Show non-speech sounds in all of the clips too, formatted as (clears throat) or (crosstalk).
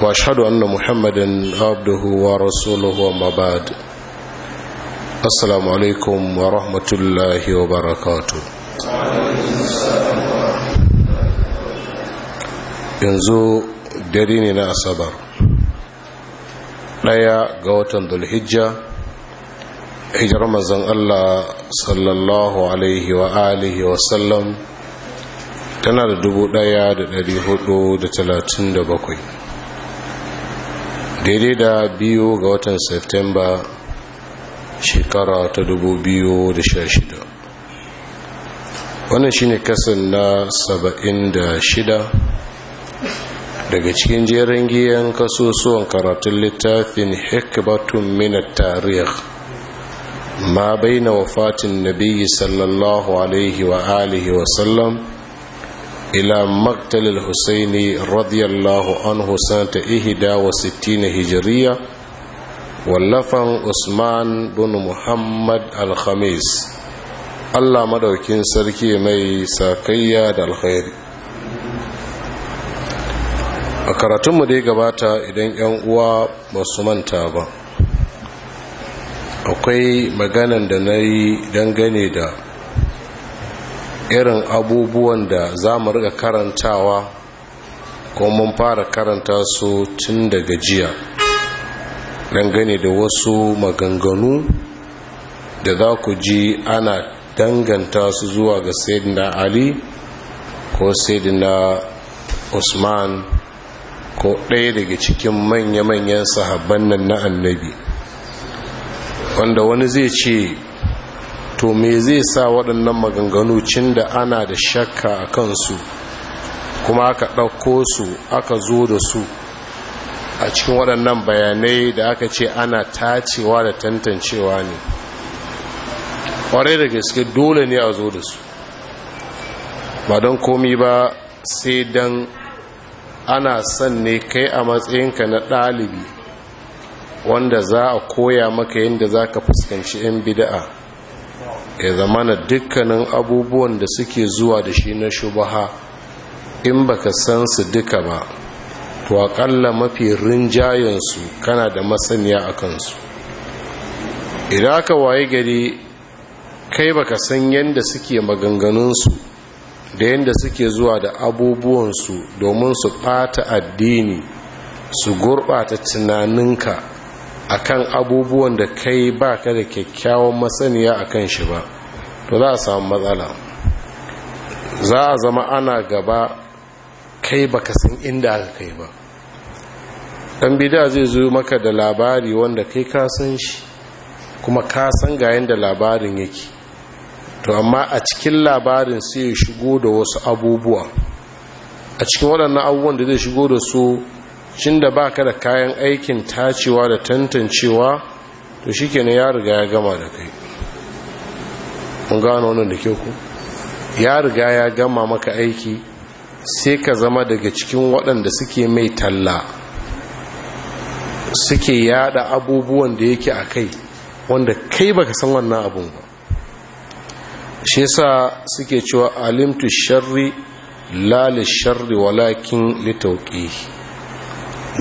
واشهد ان محمدا عبده ورسوله وما بعد السلام عليكم ورحمه الله وبركاته yanzu dare ne na asabar ɗaya ga watan dulhijja hijar manzon allah sallallahu alaihi wa alihi wa sallam tana da dubu ɗaya da dari hudu da talatin da bakwai daidai da biyu ga watan septemba shekara ta dubu biyu da sha shida. wannan shine kasan na saba'in da shida daga cikin jerin giyan kasusuwan karatun littafin hikbatun minar tarih ma baina wafatin nabi sallallahu alaihi wa alihi wa Ila مقتل الحسين radiyallahu anhu عنه سنة إهدا وستين wallafan usman bin muhammad Alkhamis, allah madaukin sarki mai sakayya da alkhairi a karatunmu da ya gabata idan yan uwa ba su manta ba akwai maganan da na yi dangane da irin abubuwan da za mu riga karantawa ko mun fara karanta su tun daga jiya dangane da wasu maganganu da za ku ji ana danganta su zuwa ga saidina ali ko saidina usman ko ɗaya daga cikin manya-manyan sahabban nan na annabi wanda wani zai ce to me zai sa waɗannan maganganu cin da ana da shakka a kansu kuma aka ɗauko su aka zo da su a cikin waɗannan bayanai da aka ce ana tacewa da tantancewa ne ƙwarai da gaske dole ne a zo da su ba don komi ba sai don ana son ne kai a matsayinka na ɗalibi wanda za a koya maka yadda za ka fuskanci 'yan bida'a ya zamana dukkanin abubuwan da suke zuwa da shi na shubaha in baka san su duka ba to akalla mafi rinjayensu kana da masaniya a kansu idan aka waye gari kai baka san yadda suke maganganunsu da yadda suke zuwa da abubuwansu domin su ɓata addini su gurɓata tunaninka akan abubuwan da kai ba ka da kyakkyawan masaniya akan shi ba to za a samu matsala za a zama ana gaba kai baka san inda aka kai ba dan bida zai zo maka da labari wanda kai ka san shi kuma ka san ga yanda labarin yake to amma a cikin labarin sai ya shigo da wasu abubuwa a cikin waɗannan abubuwan da zai shigo da su shin da ba ka da kayan aikin tacewa da tantancewa to shi ya riga ya gama da kai mun gano wannan da ke ku ya riga ya gama maka aiki sai ka zama daga cikin waɗanda suke mai talla suke yada abubuwan da yake a kai wanda kai baka san wannan abun ba shi sa suke cewa alimtu sharri la sharri walakin litauqihi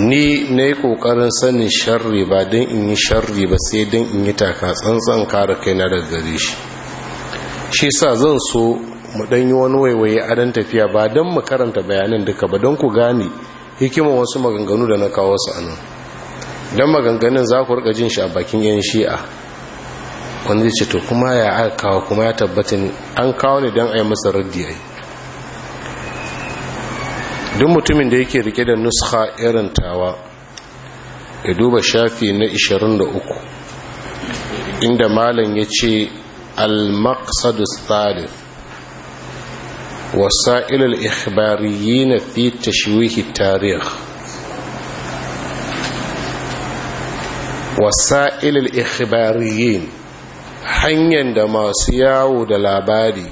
ni na yi ƙoƙarin sanin sharri ba don in yi sharri ba sai don in yi taka tsantsan kai na daga gare shi shi sa zan so mu ɗan yi wani waiwaye a dan tafiya ba don mu karanta bayanan duka ba don ku gane hikimar wasu maganganu da na kawo su a nan don maganganun za ku rika jin shi a bakin yan shi'a wanda ce to kuma ya aka kawo kuma ya tabbatin an kawo ne don a yi masa raddi duk mutumin da yake rike da nuskha irin tawa ya duba shafi na 23 inda malam ya ce al-maqsadus thalith wasa'il al na fi tashwih at-tarikh wasa'il al hanyar da masu yawo da labari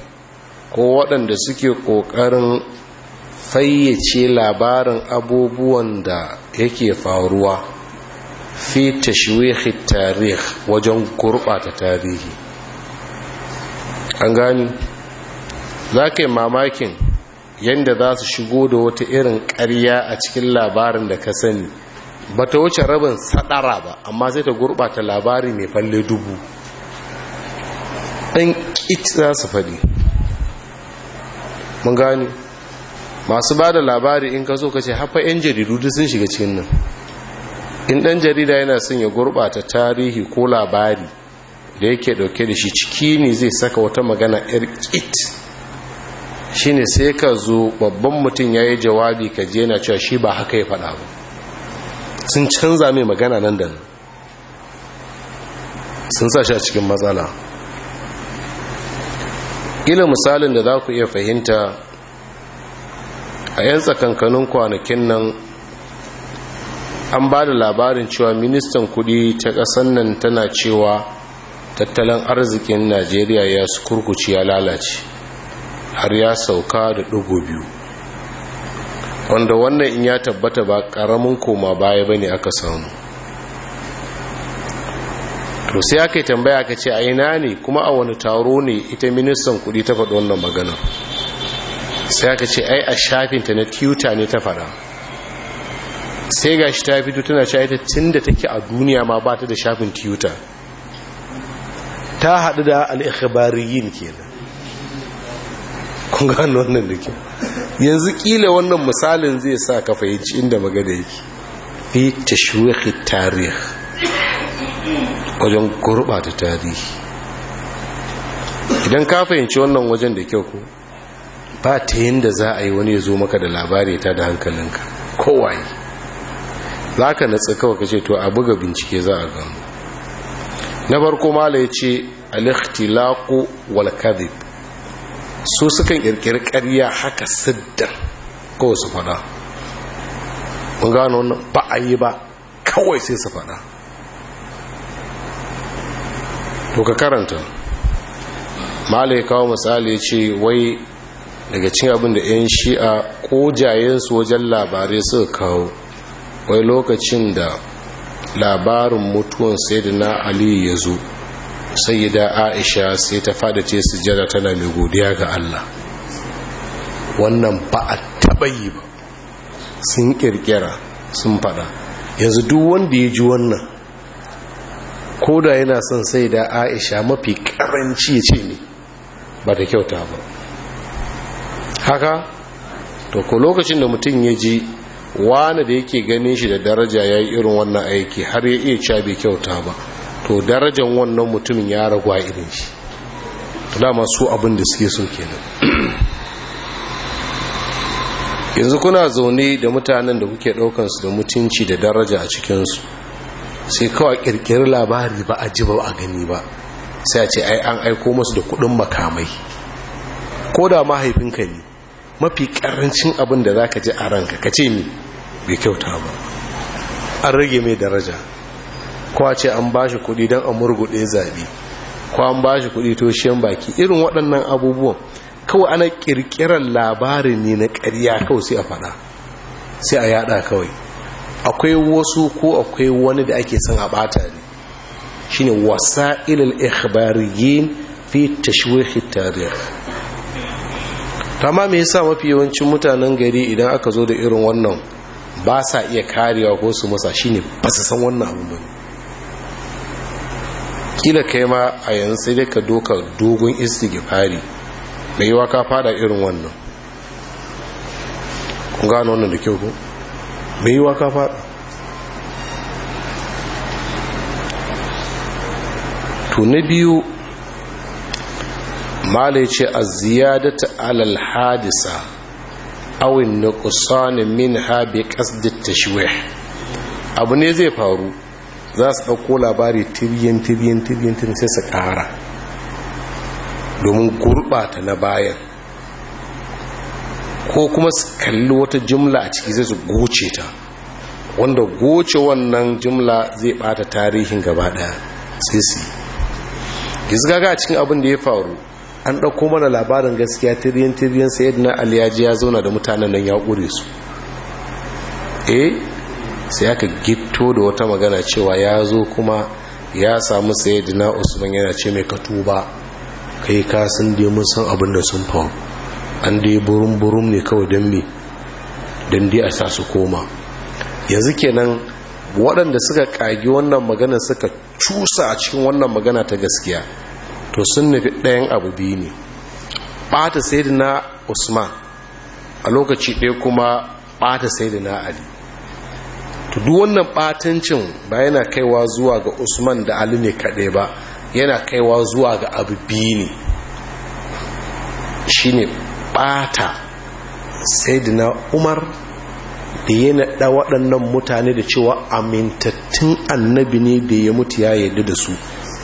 ko waɗanda suke ƙoƙarin fayyace labarin abubuwan da yake faruwa fi tashwihi tarih wajen gurɓata tarihi an gani za ka yi mamakin yadda za su shigo da wata irin ƙarya a cikin labarin da ka sani ba ta wuce rabin sadara ba amma sai ta gurɓata labari mai falle dubu ɗan ƙit za su faɗi mun gani masu ba da labari in ka zo ka ce hafa 'yan jaridu duk sun shiga cikin nan in ɗan jarida yana son ya gurɓata tarihi ko labari da yake ɗauke da shi ciki ne zai saka wata magana 'yar kit shi ne sai ka zo babban mutum ya yi jawabi ka je na cewa shi ba haka ya faɗa ba sun canza mai magana nan da nan sun sa shi a cikin matsala ilin misalin da za ku iya fahimta a 'yan tsakankanin kwanakin nan an ba da labarin cewa ministan kudi ta ƙasan nan tana cewa tattalin arzikin najeriya ya su kurkuci ya lalace har ya sauka da ɗigo biyu wanda wannan in ya tabbata ba ƙaramin koma baya ba ne aka samu to sai aka yi tambaya aka ce a ina ne kuma a wani taro ne ita ministan kudi ta faɗi wannan maganar sai aka ce ai a shafin ta na tuta ne ta fara sai ga shi ta fito tana ce ita tun da take a duniya ma ba ta da shafin tuta ta haɗu da al'ikhbariyin kenan kun gano wannan da ke yanzu ƙila wannan misalin zai sa ka fahimci inda magana yake fi shuwaki tarih wajen gurɓata tarihi idan ka fahimci wannan wajen da kyau ko ba ta yadda za a yi wani ya zo maka da labari ta da hankalinka kowai za ka natsa kawai ka ce to a buga bincike za a gano na farko mala ya ce alikhtilaku wal su sukan kirkiri karya haka siddan kawai su faɗa mun gano wannan ba a yi ba kawai sai su faɗa to ka karanta mala ya kawo misali ce wai daga cin abin da 'yan shi'a kojayensu wajen labarai suka kawo wai lokacin da labarin mutuwan na Aliyu ya zo sai da aisha sai ta fada ce sujada tana mai godiya ga allah wannan ba a taɓa yi ba sun kirkira sun fada yanzu duk wanda ya ji wannan koda yana son sai da aisha mafi karanci ce ne ba ta kyauta ba haka to ko lokacin da mutum ya ji wani da yake ganin shi da daraja ya yi irin wannan aiki har ya iya cabe kyauta ba to darajan wannan mutumin ya ragu a irin shi to dama su abin da suke so kenan (clears throat) yanzu kuna zaune da mutanen da kuke ɗaukansu da mutunci da daraja a cikinsu sai kawai kirkiri labari ba a ji ba a gani ba sai a ce ai an aiko masu da kudin makamai ko da mahaifinka ne mafi karancin abin da za ka ji a ranka ka ce ni bai kyauta ba an rage mai daraja a ce an ba shi kudi don a murguɗe zabi ko an ba shi kudi toshiyan baki irin waɗannan abubuwan kawai ana ƙirƙirar labarin ne na ƙarya kawai sai a faɗa sai a yada kawai akwai wasu ko akwai wani da ake son a ɓata ne shine ilil ikhbariyin fi tashwihi amma me yasa mafi yawancin mutanen gari idan aka zo da irin wannan ba sa iya karewa ko su masa shine ba su san wannan abu ba kila kai ma a yanzu sai dai ka doka dogon istighfari mai yiwa ka fada irin wannan kun gano wannan da kyau ko mai yiwa ka fada to biyu mala ya ce a ziyadata alal hadisa awin na kusanin min haɓe ƙasdit tashwih abu ne zai faru za su ɗauko labari tiriyan tiriyan tiriyan sai su ƙara domin gurɓata na bayan ko kuma su kalli wata jumla a ciki zai su goce ta wanda goce wannan jumla zai ɓata tarihin gaba ɗaya sisi su yi gizgaga cikin abin da ya faru an ɗauko mana labarin gaskiya tiriyan tiriyan sayid na aliyaji ya zauna da mutanen nan ya ƙure su eh sai aka gito da wata magana cewa ya zo kuma ya samu sayid na usman yana ce mai katuba kai ka sun dai mun san abin da sun faru an dai burum burum ne kawai don me don dai a sa su koma yanzu kenan waɗanda suka ƙagi wannan magana suka cusa a cikin wannan magana ta gaskiya to sun nufi ɗayan abu biyu ne ɓata na usman a lokaci ɗaya kuma ɓata saidina ali to duk wannan ɓatancin ba yana kaiwa zuwa ga usman da ali ne kaɗai ba yana kaiwa zuwa ga abu biyu ne Shi ne ɓata saidina umar da ya naɗa waɗannan mutane da cewa amintattun annabi ne da ya mutu ya yarda da su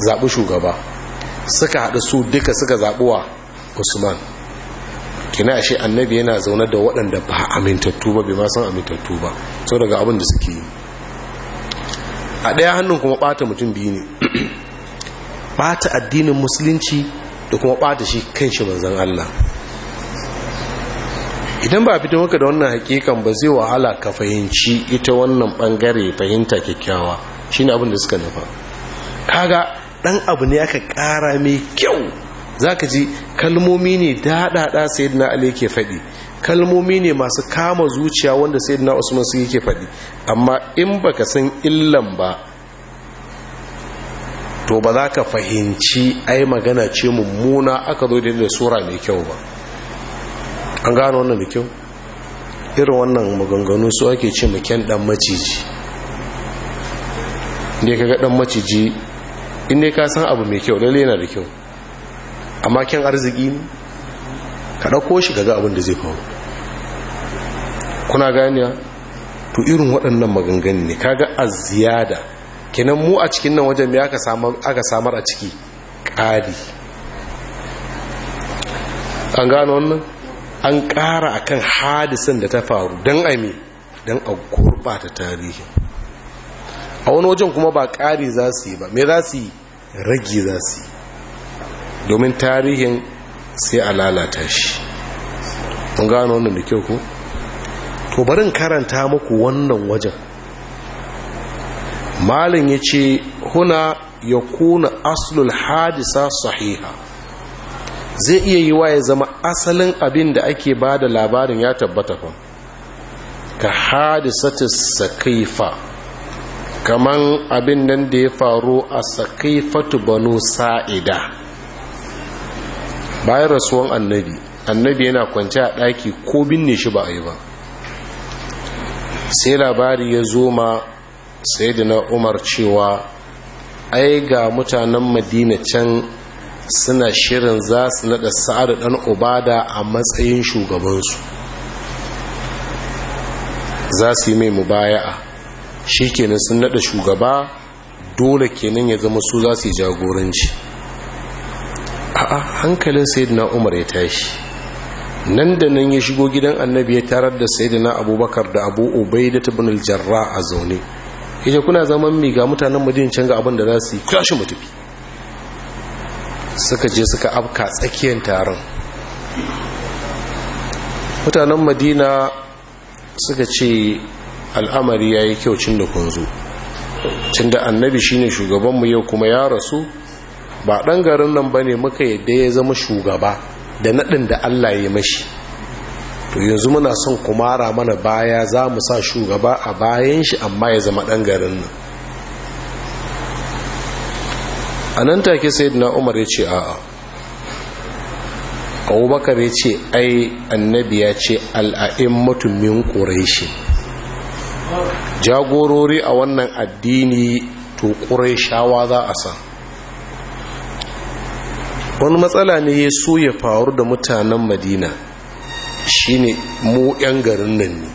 zaɓi shugaba suka haɗu su duka suka zaɓuwa usman kina ashe annabi yana zaune da waɗanda ba amintattu ba bai ma san amintattu ba sau daga abin da suke yi a ɗaya hannun kuma ɓata mutum biyu ne (clears throat) ɓata addinin musulunci da kuma ɓata shi kan shi manzan Allah idan ba fito maka da wannan hakikan ba zai wahala ka fahimci ita wannan ɓangare fahimta kyakkyawa shine abin da suka nufa kaga dan abu ne aka ƙara mai kyau zaka ji kalmomi ne daɗaɗa sayyidina ali yake faɗi kalmomi ne masu kama zuciya wanda sayyidina usman su yake faɗi amma in baka san illan ba to ba za ka fahimci ai magana ce mummuna aka zo da sura mai kyau ba an gano wannan da kyau irin wannan maganganu su ake ce kyan dan maciji ne ka ga dan maciji in dai ka san abu mai kyau lalle yana da kyau amma kyan arziki ne ka ɗauko shi ga abin da zai faru kuna ganiya to irin waɗannan maganganu ne kaga aziyada kenan mu a cikin nan wajen me aka samar a ciki ƙari an gano wannan an ƙara akan hadisan da ta faru don aime don a gurɓata tarihi a wani wajen kuma ba ƙari za su yi ba mai za su yi rage za su yi domin tarihin sai a lalata shi mun gano wannan da kyau ku to barin karanta muku wannan wajen malin ya ce huna ya kuna aslul hadisa sahiha zai iya yi wa ya zama asalin abin da ake ba da labarin ya tabbata fa ka ta sakaifa kaman abin nan da ya faru a sakifatu banu sa'ida bayan rasuwan annabi annabi yana kwanci a ɗaki ko binne shi ba a yi ba sai labari ya zo ma sai da na umar cewa ai ga mutanen madina can suna shirin za su naɗa sa'adu ɗan obada a matsayin shugabansu za su yi mai mubaya'a shi kenan sun nada shugaba dole kenan ya zama su za su yi jagoranci a hankalin sayyidina umar ya tashi nan da nan ya shigo gidan annabi ya tarar da sayyidina abubakar da abu ubaida da al-jarra a zaune yace kuna zaman mi ga mutanen mudin can abin da za su yi kwashi mu suka je suka afka tsakiyar taron mutanen madina suka ce al'amari ya yi kyau cin da kun zo cin da annabi shugabanmu yau kuma ya rasu ba ɗan garin nan ba ne muka yadda ya zama shugaba da naɗin da allah ya mashi to yanzu muna son kumara mana baya za mu sa shugaba a bayan shi amma ya zama ɗan garin nan a nan take sayyidina umar ya ce a'a abubakar ya ce ai annabi ya ce al'a'in mutumin shi. jagorori a wannan addini to shawa za a san wani matsala ne ya so ya faru da mutanen madina shine mu 'yan garin nan ne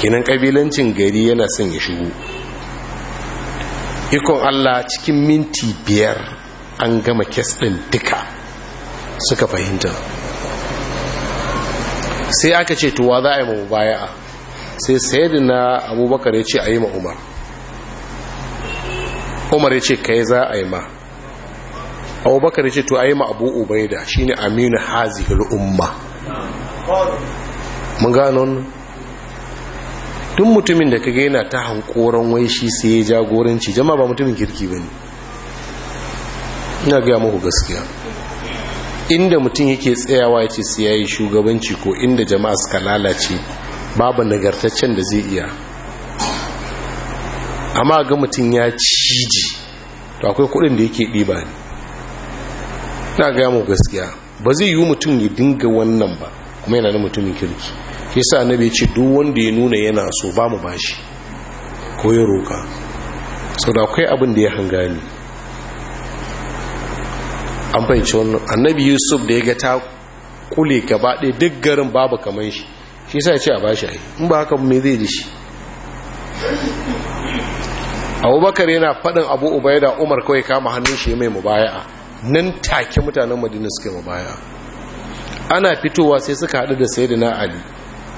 kinan kabilancin gari yana son ya shigo ikon allah cikin minti biyar an gama kes ɗin duka suka fahimta sai aka ce tuwa za a yi mamu baya'a sai na abubakar ya ce a yi ma umar umar ya ce kai za a yi ma abubakar ya ce to a yi ma abu ubaida shine aminu hazi umma mun gano tun mutumin da ka yana ta hankoron wai shi sai ya jagoranci jama ba mutumin kirki ba ne ina gaya muku gaskiya inda mutum yake tsayawa ya ce sai ya shugabanci ko inda jama'a suka lalace babu nagartaccen da zai iya amma ga mutum ya ciji to akwai kudin da yake ɗiba ne na gaya mu gaskiya ba zai yi mutum ya dinga wannan ba kuma yana da mutumin kirki ke sa na bai ce duk wanda ya nuna yana so ba mu bashi ko ya roka sau da akwai abin da ya hangani an fahimci wannan annabi yusuf da ya ga ta kule gaba ɗaya duk garin babu kamar shi shi sa ce a bashi ai in ba haka me zai ji shi abubakar yana faɗin abu da umar kawai kama hannun shi mai mubaya'a nan take mutanen madina suke mubaya'a ana fitowa sai suka haɗu da na ali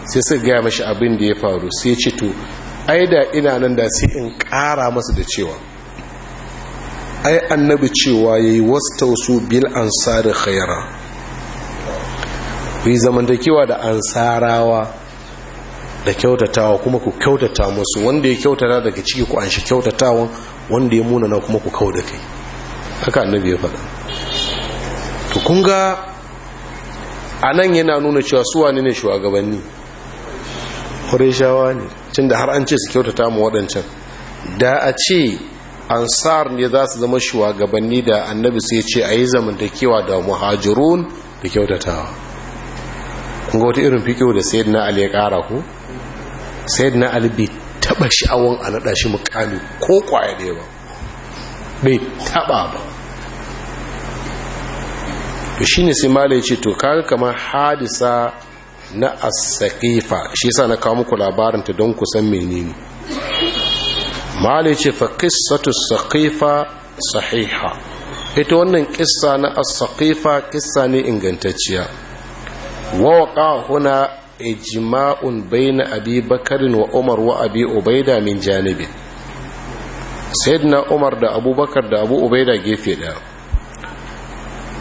sai suka gaya mashi abin da ya faru sai ce to ai da ina nan da sai in ƙara masu da cewa ai annabi cewa ya yi yayi tausu bil ansari khaira ku yi zamantakewa da ansarawa da kyautatawa kuma ku kyautata musu wanda ya kyautata daga ciki ku anshi kyautatawa wanda ya munana kuma ku kau da kai haka annabi ya faɗa to kun ga a nan yana nuna cewa su wane ne shugabanni ƙurishawa ne cin da har an ce su kyautata mu waɗancan da a ce ansar ne za su zama shugabanni da annabi sai ce a yi zamantakewa da muhajirun da kyautatawa kunga wata irin fikiyo da na ali ya kara ku na ali bai taba sha'awan a naɗa shi mukami ko kwaya da ba bai taba ba to ne sai malai ce to kaga kamar hadisa na asakifa shi sa na kawo muku labarin ta don ku san menene malai ce fa kisatu sahiha ita wannan kissa na asakifa kissa ne ingantacciya wa huna ijma'un bayna abi bakarin wa umar wa abi ubaida min janibin sayyidina umar da abubakar da abu ubaida gefe daya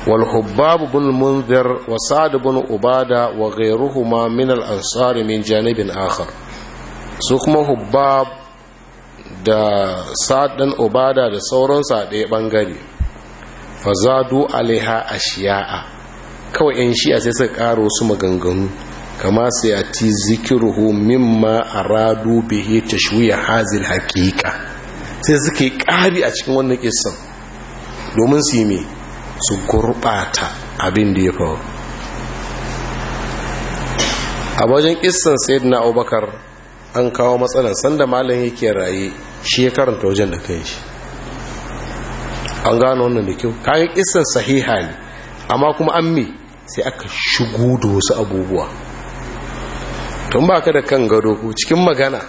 wal hubbab bin munzir wa sa'd bin ubada wa ghayruhuma min al ansar min janibin akhar su kuma hubbab da sa'd dan ubada da sauransu a ɗaya bangare fazadu alaiha ashiya'a kawai 'yan shi'a sai suka ƙara wasu maganganu kama sai a ti zikiruhu mimma a radu bihe ta shuya hazin hakika sai suka yi ƙari a cikin wannan kisan domin su yi mai su gurɓata abin da ya faru a wajen kisan sayid na abubakar an kawo matsalan sanda malam yake raye shi ya karanta wajen da kai shi an gano wannan da kyau kayan kisan sahiha ne amma kuma an me sai aka shigo da wasu abubuwa tun ba ka da kan gado ko cikin magana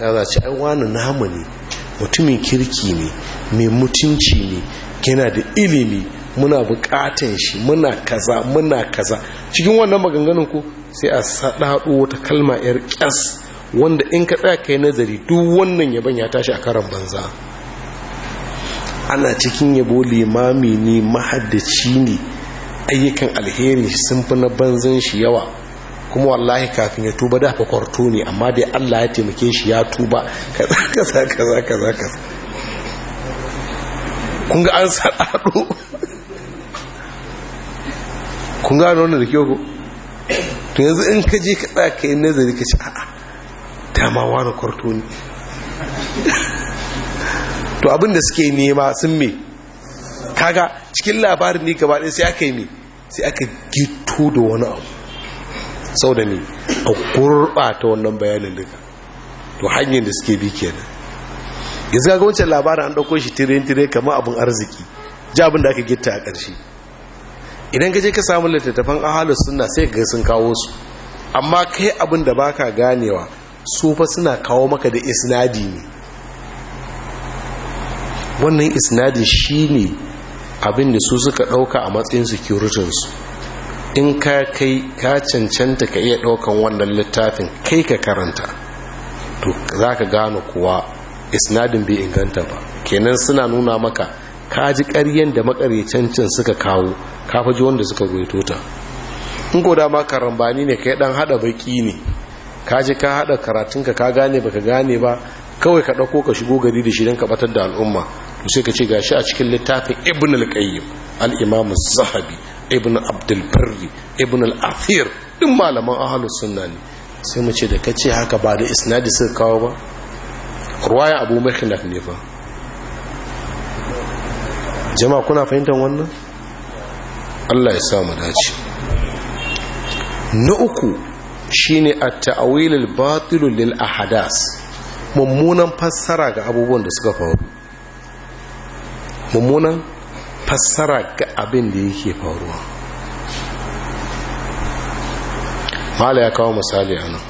ya za ci aiwani namu ne mutumin kirki ne mai mutunci ne Gina da ilimi muna bukatan shi muna kaza muna kaza cikin wannan maganganun ko sai a saɗaɗo wata kalma 'yar kyas wanda in ka tsaya kai nazari duk wannan yaban ya tashi a karan banza ana cikin yabo limami ne mahaddaci ne ayyukan alheri sun fi na banzan shi yawa kuma wallahi kafin ya tuba da fakwarto ne amma dai Allah ya taimake shi ya tuba kaza kaza kaza kaza kun ga an sadado kun gano wani da kyau to yanzu in ka je ka tsaka yin nazari ka ci a'a dama wani kwarto ne to abin da suke nema sun me kaga cikin labarin ne gaba ɗin sai aka yi me sai aka gito da wani abu sau da ne a gurɓata wannan bayanin daga to hanyar da suke bi kenan yanzu kaga wancan labarin an ɗauko shi tire-tire kamar abin arziki ji abin da aka gita a ƙarshe idan ka je ka samu littattafan ahalus suna sai ka ga sun kawo su amma kai abin da baka ganewa su fa suna kawo maka da isnadi ne wannan isnadi shine abin da su suka dauka a matsayin su in ka kai ka cancanta ka iya daukan wannan littafin kai ka karanta to za ka gano kuwa isnadin bai inganta ba kenan suna nuna maka ka ji ƙaryen da makaryacancin suka kawo ka faji wanda suka gwaito ta in goda dama karambani ne ka yi ɗan haɗa baki ne ka ji ka hada karatunka ka gane baka gane ba kawai ka ɗauko ka shigo gari da shi don ka batar da al'umma to sai ka ce gashi a cikin littafin ibn al-qayyim al-imam az-zahabi ibn abdul barri ibn al-athir duk malaman ahlus sunna ne sai mu ce da kace haka ba da isnadi suka kawo ba ruwaya abu makhlaf ne fa jama'a kuna fahimtar wannan Allah ya sa mu dace na uku shine at-ta'wil al-batil lil ahadas mummunan fassara ga abubuwan da suka faru mummunan fassara ga abin da yake faruwa mala ya kawo misali a nan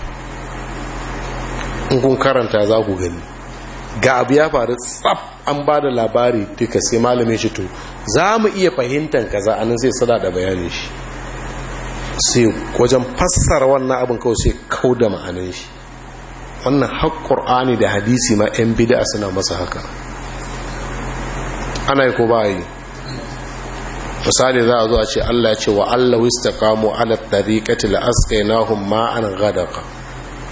in kun karanta za ku gani ga abu ya faru tsab an ba da labari duka sai malami shi to za mu iya fahimtar kaza anan sai sada da bayanin shi sai wajen fassara wannan abin kawai sai kau da ma'anin shi wannan haƙƙur'ani da hadisi ma 'yan bida suna masa haka ana yi ko ba yi misali za a zo a ce Allah ce wa Allah wistaqamu ala tariqati la ana ma'an ghadaqa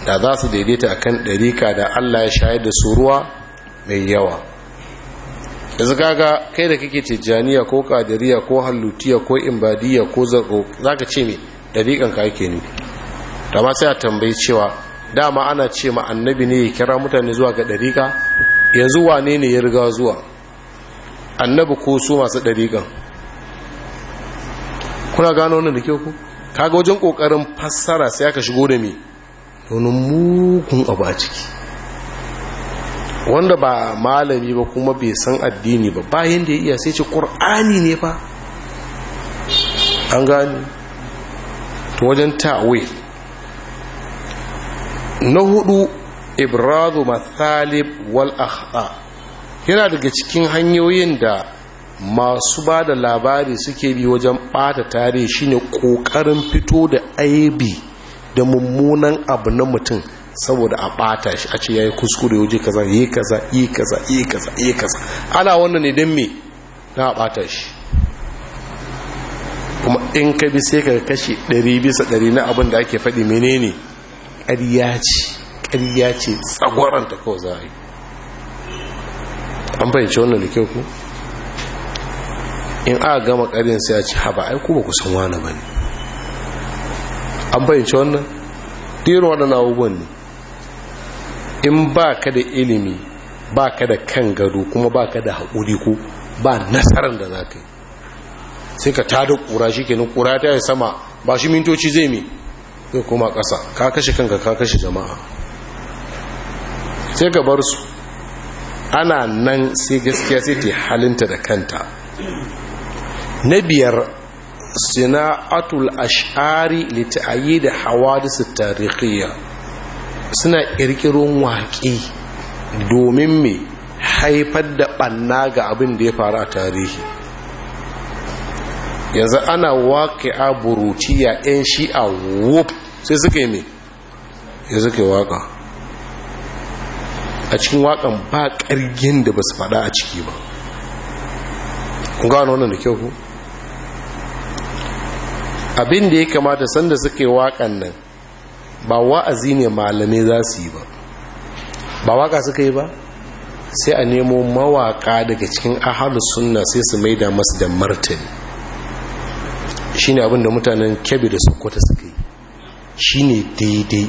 da za su daidaita akan ɗarika da Allah ya shayar da su ruwa mai yawa yanzu kaga kai da kake tijjaniya ko kadiriya ko hallutiya ko imbadiya ko zarko ka ce me dariƙan ka yake ne ma sai a tambayi cewa dama ana ce ma annabi ne ya kira mutane zuwa ga dariƙa yanzu wane ne ya riga zuwa annabi ko su masu ɗariƙan kuna gano wani da kyau ku kaga wajen ƙoƙarin fassara sai aka shigo da mai wani mukun abu a ciki wanda ba malami ba kuma bai san addini ba bayan da ya iya sai ce ƙur'ani ne fa an gani ta wajen ta'awai na hudu ibrazu mathalib wal akhta yana daga cikin hanyoyin da masu ba da labari suke bi wajen ɓata tare shine ƙoƙarin fito da aibi da mummunan abu na mutum saboda a ɓata shi a ce ya yi kuskure waje kaza yi kaza yi kaza yi kaza yi kaza ana wannan ne don me na bata shi kuma in ka bi sai ka kashe 100 bisa 100 na abin da ake faɗi menene ƙarya ce ƙarya ce tsagwaranta kawai za a yi an fahimci wannan da kyau ku in a gama karin sai a ci haba ai ku ba ku san wani ba ne an fahimci wannan wani na abubuwan ne in ba ka da ilimi ba ka da kan gado kuma ba ka da haƙuri ko ba nasarar da za ka yi sai ka tada ƙura shi kenan ƙura ta yi sama ba shi mintoci zai mi zai kuma ƙasa ka kashe kanka ka kashe jama'a sai ka bar su ana nan sai gaskiya sai ta halinta da kanta na biyar sina'atul ash'ari lita'ayi da hawadisu tarihiyya suna ƙirƙirin waƙi domin mai haifar da ɓanna ga abin da ya faru a tarihi yanzu ana waƙi'a buruciya 'yan a wuf sai yi mai ya yi waƙa a cikin waƙan ba ƙargin da ba su faɗa a ciki ba kun gano wannan da kyau ku abin da ya kamata sanda suka yi waƙan nan ba wa'azi ne malamai za su yi ba ba waƙa suka yi ba sai a nemo mawaƙa daga cikin ahalus sunna sai su maida masu da martani shine abin da mutanen kebe da sokota suka yi ne daidai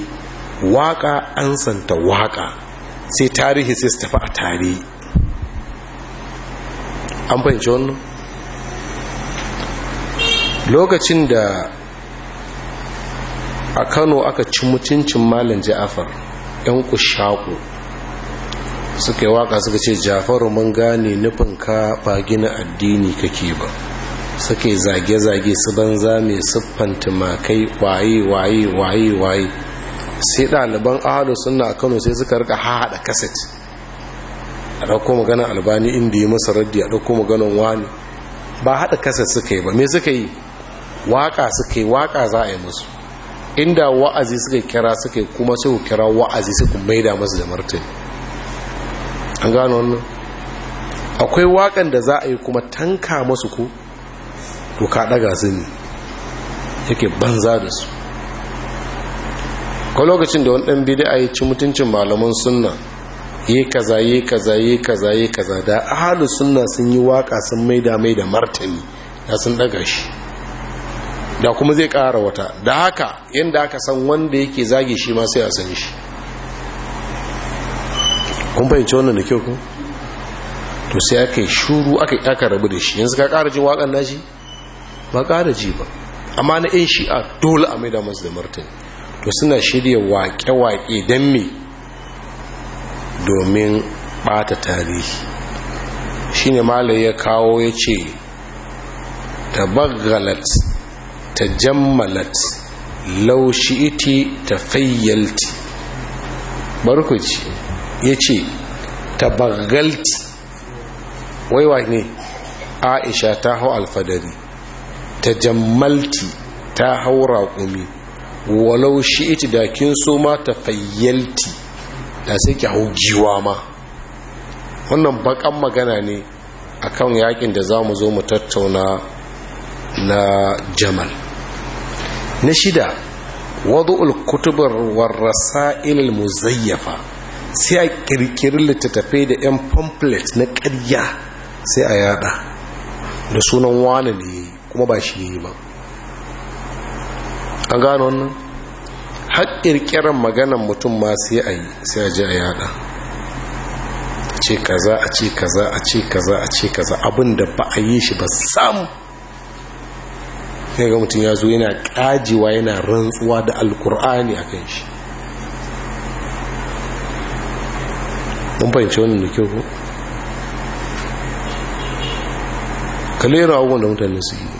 waƙa an santa waƙa sai tarihi sai su tafi a tare an fahimci wannan lokacin da a kano aka ci mutuncin malin ja'afar yan kushaku suka yi waka suka ce jafaru mun gane nufin ka ba gina addini kake ba suka yi zage-zage su banza mai siffanta makai waye waye waye waye sai ɗaliban ahalu suna kano sai suka rika haɗa kaset a ɗauko maganin albani inda yi masa raddi a ɗauko maganin wani ba haɗa kaset suka yi ba me suka yi waƙa suka yi waƙa za a yi musu inda wa'azi suka kira suka yi kuma sai ku kira wa'azi sai ku maida masu da martani an gano wannan akwai waƙan da za a yi kuma tanka masu ku to ka ɗaga su ne yake banza da su ko lokacin da wani dan bid'a ya ci mutuncin malaman sunna yi kaza yi kaza yi kaza yi kaza da ahlus sunna sun yi waka sun maida mai da martani da sun daga shi da kuma zai kara wata da haka yanda aka san wanda yake zage shi ma sai a san shi kun fahimci wannan da kyau ko to sai aka yi shuru aka aka rabu da shi yanzu ka kara jin wakan nashi ba kara ji ba amma na shi a dole a maida masu da martani to suna shirya waƙe-waƙe don me domin ɓata tarihi shi ne ya kawo ya ce ta bagalat ta jammalat laushi iti ta fayyalti barkuci ya ce ta bagalti waiwa ne aisha ta hau alfadari ta jammalti ta hau raƙumi walau shi iti da kin so ma ta fayyalti da sai ki hau giwa ma wannan bakan magana ne akan yakin da za mu zo mu tattauna na jamal na shida wadu kutubar warrasa ilil muzayyafa sai a kirkirin littattafai da 'yan pamphlet na ƙarya sai a yada da sunan wani ne kuma ba shi ne ba an gano wannan har maganan mutum ma sai a yi sai a ji a yada ce kaza a ce kaza a ce kaza a ce kaza abinda ba a yi shi ba sam ga mutum ya zo yana ƙajiwa yana rantsuwa da alkur'ani a kan shi mun fahimci wannan da kyau ko kalera abubuwan da mutane su yi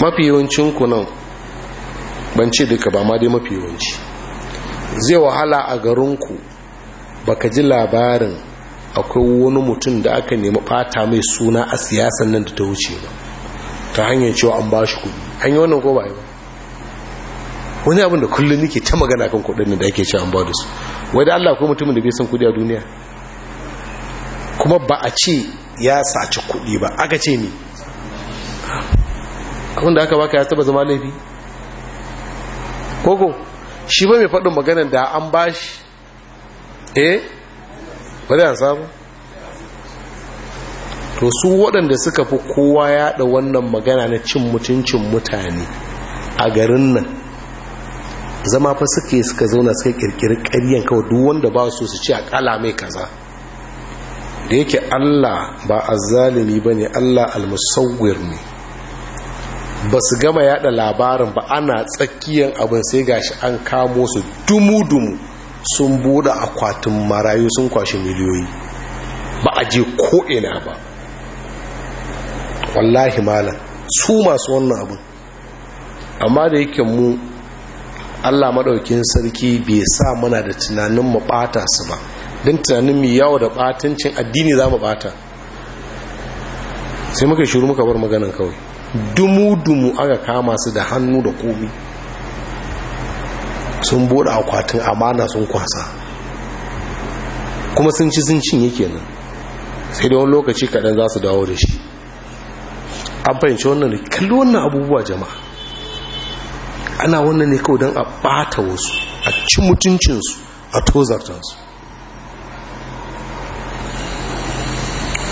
mafi yawancin ku nan ban ce duka ba ma dai mafi yawanci zai wahala a garinku baka ji labarin akwai wani mutum da aka nemi bata mai suna a siyasan nan da ta wuce ba ta hanyar cewa an ba shi kudi an wannan ko ba ba wani abin da kullum nake ta magana kan kudin da ake cewa an ba da su wai da Allah ko mutumin da bai san kudi a duniya kuma ba a ce ya saci kudi ba aka ce ni abin da aka baka ya taba zama laifi koko shi ba mai faɗin maganin da an ba shi eh da an samu to su waɗanda suka fi kowa yaɗa wannan magana na cin mutuncin mutane a garin nan zama fa suke suka zauna suka kirkiri ƙaryen kawai duk wanda ba su su ce a ƙala mai kaza da yake allah ba azzalimi ba ne allah almusawwir ne ba su gama yada labarin ba ana tsakiyan abin sai gashi an kamo su dumu-dumu sun bude akwatin marayu sun kwashi miliyoyi ba a je ko'ina ba wallahi malam su masu wannan abin amma da yake mu allah maɗaukin sarki bai sa mana da tunanin mu ɓata su ba don tunanin mu yawo da ɓatancin addini za mu ɓata sai muka shiru muka bar maganin kawai dumu-dumu aka kama su da hannu da komi sun bude akwatin amana sun kwasa kuma sun ci sun cinye kenan sai don lokaci kaɗan za su dawo da shi an fahimci wannan ne kalli wannan abubuwa jama'a ana wannan ne kawai don a ɓata wasu a ci mutuncinsu a tozartansu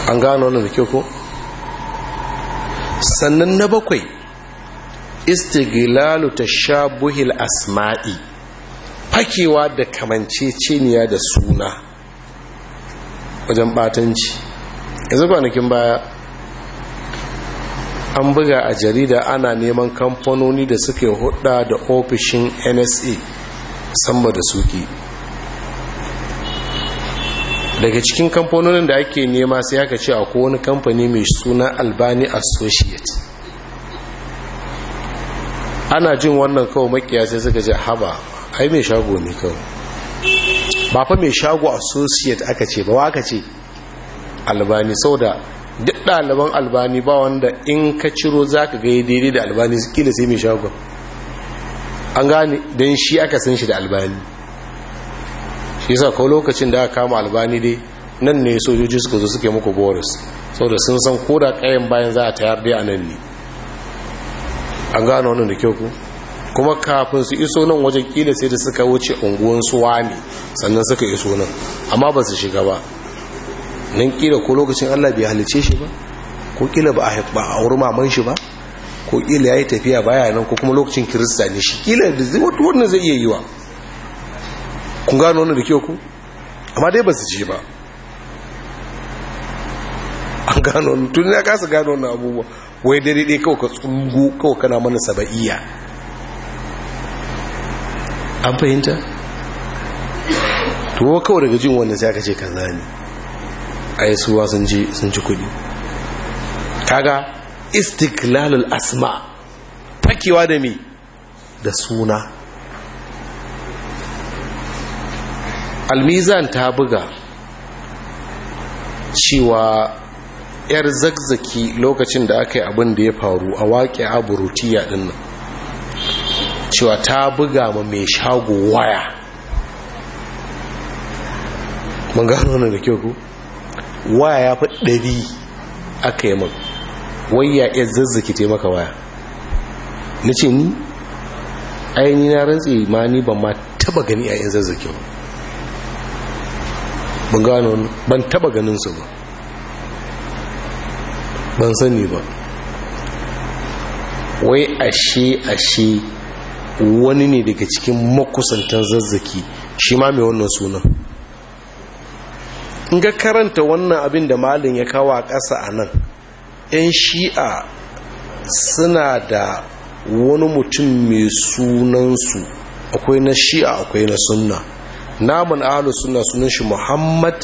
an gano wannan da kyau ko sannan na bakwai sha tashabuhil asma'i fakewa da kamanceceniya da suna wajen batanci yanzu kwanakin baya an buga a jarida ana neman kamfanoni da suke hudda da ofishin nsa samba da suke daga cikin kamfanonin da ake nema sai aka ce akwai wani kamfani mai suna albani associate ana jin wannan kawo makiya sai suka ce haba ai mai shago ne kawo ba fa mai shago associate aka ce ba aka ce albani sau da duk ɗaliban albani ba wanda in ka ciro za ka gai daidai da albani kila sai mai shago an gane don shi aka san shi da albani yasa ko lokacin da aka kama albani dai nan ne sojoji suka zo suke muku boris saboda sun san ko da kayan bayan za a tayar dai a nan ne an gano wannan da kyau ku kuma kafin su iso nan wajen kila sai da suka wuce unguwan suwa ne sannan suka iso nan amma ba su shiga ba nan kila ko lokacin allah bai halice shi ba ko kila ba a wuri maman shi ba ko kila ya yi tafiya baya nan ko kuma lokacin kirista ne shi kila da zai wannan zai iya yi wa kun gano wani da kyau ku amma dai ba su je ba an gano wani tun ya kasa gano wani abubuwa wai dare dai kawai ka tsungo kawai kana mana saba'iyya an fahimta to kawai daga jin wanda sai aka ce kaza ne yi suwa sun ji sun ci kudi kaga istiklalul asma fakewa da me da suna almizan ta buga cewa yar zagzaki lokacin da aka yi abin da ya faru a waƙe aburutiya din cewa ta buga ma mai shago waya mun gano wannan da kyau ku waya ya fi ɗari aka yi min wai ya zazzaki taimaka maka waya na ce ni ainihin na rantsi ma ni ban ma taba gani a yin zazzaki ba mun gano wani ban taba ganin su ba ban sani ba wai ashe ashe wani ne daga cikin makusantan zazzaki shi ma mai wannan sunan in ga karanta wannan abin da malin ya kawo a ƙasa a nan 'yan shi'a suna da wani mutum mai sunansu akwai na shi'a akwai na sunna namun ahlus suna sunan shi muhammad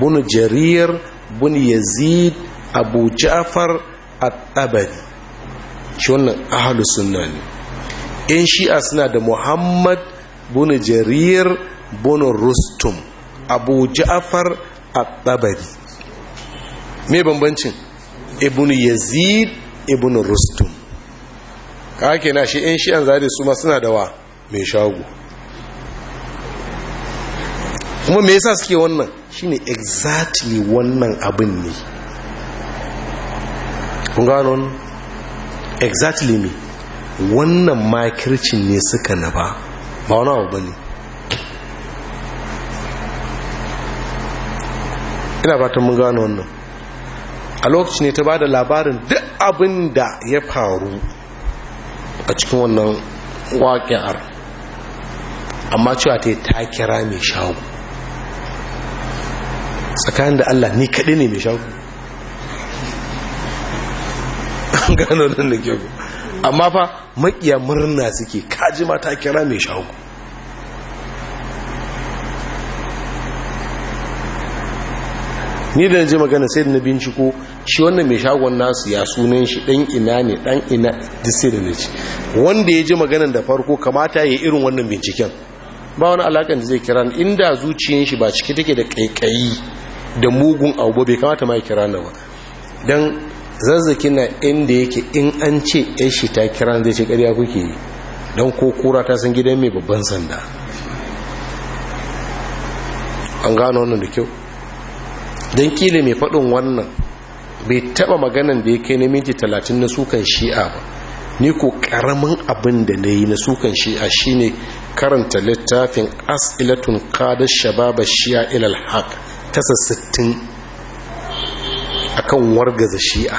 bin jarir bin yazid abu ja'far at-tabari shi wannan ahlus suna ne in shi'a suna da muhammad bin jarir bin rustum abu ja'far at-tabari me bambancin ibn yazid ibn rustum ka na shi in shi'an zari su ma suna da wa mai shago kuma me yasa suke wannan shine exactly wannan abin ne kun gano exactly me wannan makircin ne suka na ba ba wani abu bane ina fatan mun gano wannan a lokaci ne ta ba da labarin duk abin da ya faru a cikin wannan waƙi'ar amma cewa ta yi ta mai shago tsakanin da Allah ni kaɗai ne mai shago gano nan da kyau amma fa makiya murna suke kaji mata kira mai shago ni da ji magana sai da na binciko shi wannan mai shagon nasu ya sunan shi dan ina ne dan ina disi da na ci wanda ya ji maganan da farko kamata ya irin wannan binciken ba wani alakan da zai kira inda zuciyin shi ba cike take da ƙaiƙayi. da mugun abu bai kamata ma kira na ba don zazzaki na inda yake in an ce yan shi ta kira zai ce karya kuke don ko kura ta san gidan mai babban sanda an gano wannan da kyau don kila mai faɗin wannan bai taɓa maganan da ya kai na minti talatin na sukan shi'a ba ni ko karamin abin da na yi na sukan shi'a shine karanta littafin as'ilatun kadar shababa shi'a ilal haka kasa sittin akan wargaza shi'a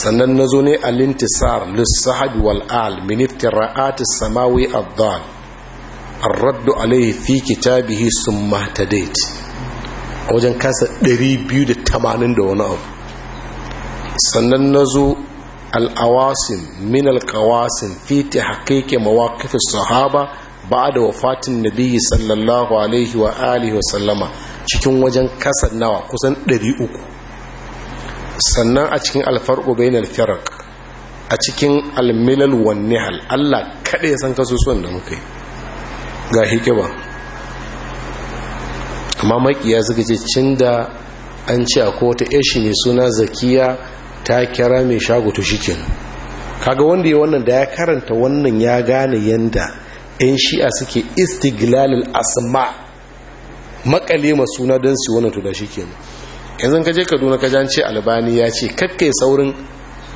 sannan na zo ne a lintisar lissahabi wal'al miniftin ra'ati samawi abdal arraddu alaihi fi kitabihi sun a wajen kasa 280 da wani abu sannan na zo al'awasin min alkawasin fi ta haƙiƙe mawaƙifin sahaba ba da wafatin nabi sallallahu alaihi wa alihi wa sallama cikin wajen kasar nawa kusan 300 sannan a cikin alfarko bainar firak a cikin almilal wani hal Allah kaɗai ya san suwan da muka yi ga ba. amma makiya suka ce cin da an ce a kowata yashi mai suna zakiya ta kira mai shagutu shikin kaga wanda ya wannan da ya karanta wannan ya gane yanda 'yan shi'a suke istiglalil asma' makale ma suna don su wani tuda shi ke yanzu ka je kaduna ka jance albani ya ce kakkai saurin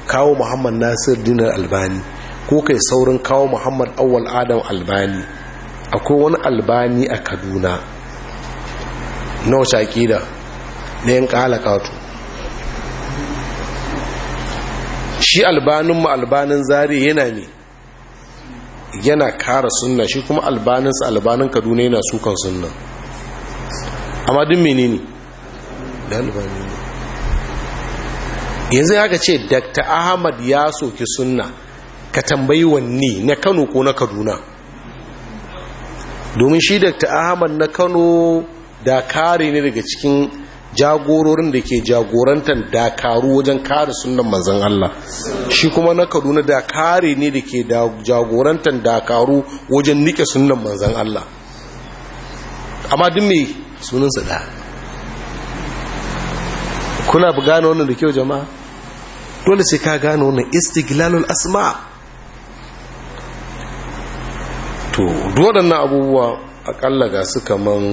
kawo muhammad nasir dinar albani ko kai saurin kawo muhammad awal adam albani akwai wani albani a kaduna na wace aƙida na yin ƙala shi albanin mu albanin zari yana ne yana kara sunna shi kuma albaninsa albanin kaduna yana sukan sunna amma duk menene da ne yanzu haka ce dr ahmad ya soki sunna ka tambayi wanne na kano ko na kaduna domin shi dr ahmad na kano da kare ne daga cikin jagororin da ke jagorantar dakaru wajen kare sunan manzan Allah shi kuma na kaduna da kare ne da ke jagorantar dakaru wajen nike sunan manzan Allah amma duk mai sunansa da kuna bu gano wannan da kyau jama'a dole sai ka gane wannan istiglalul asma to waɗannan abubuwa akalla ga su kaman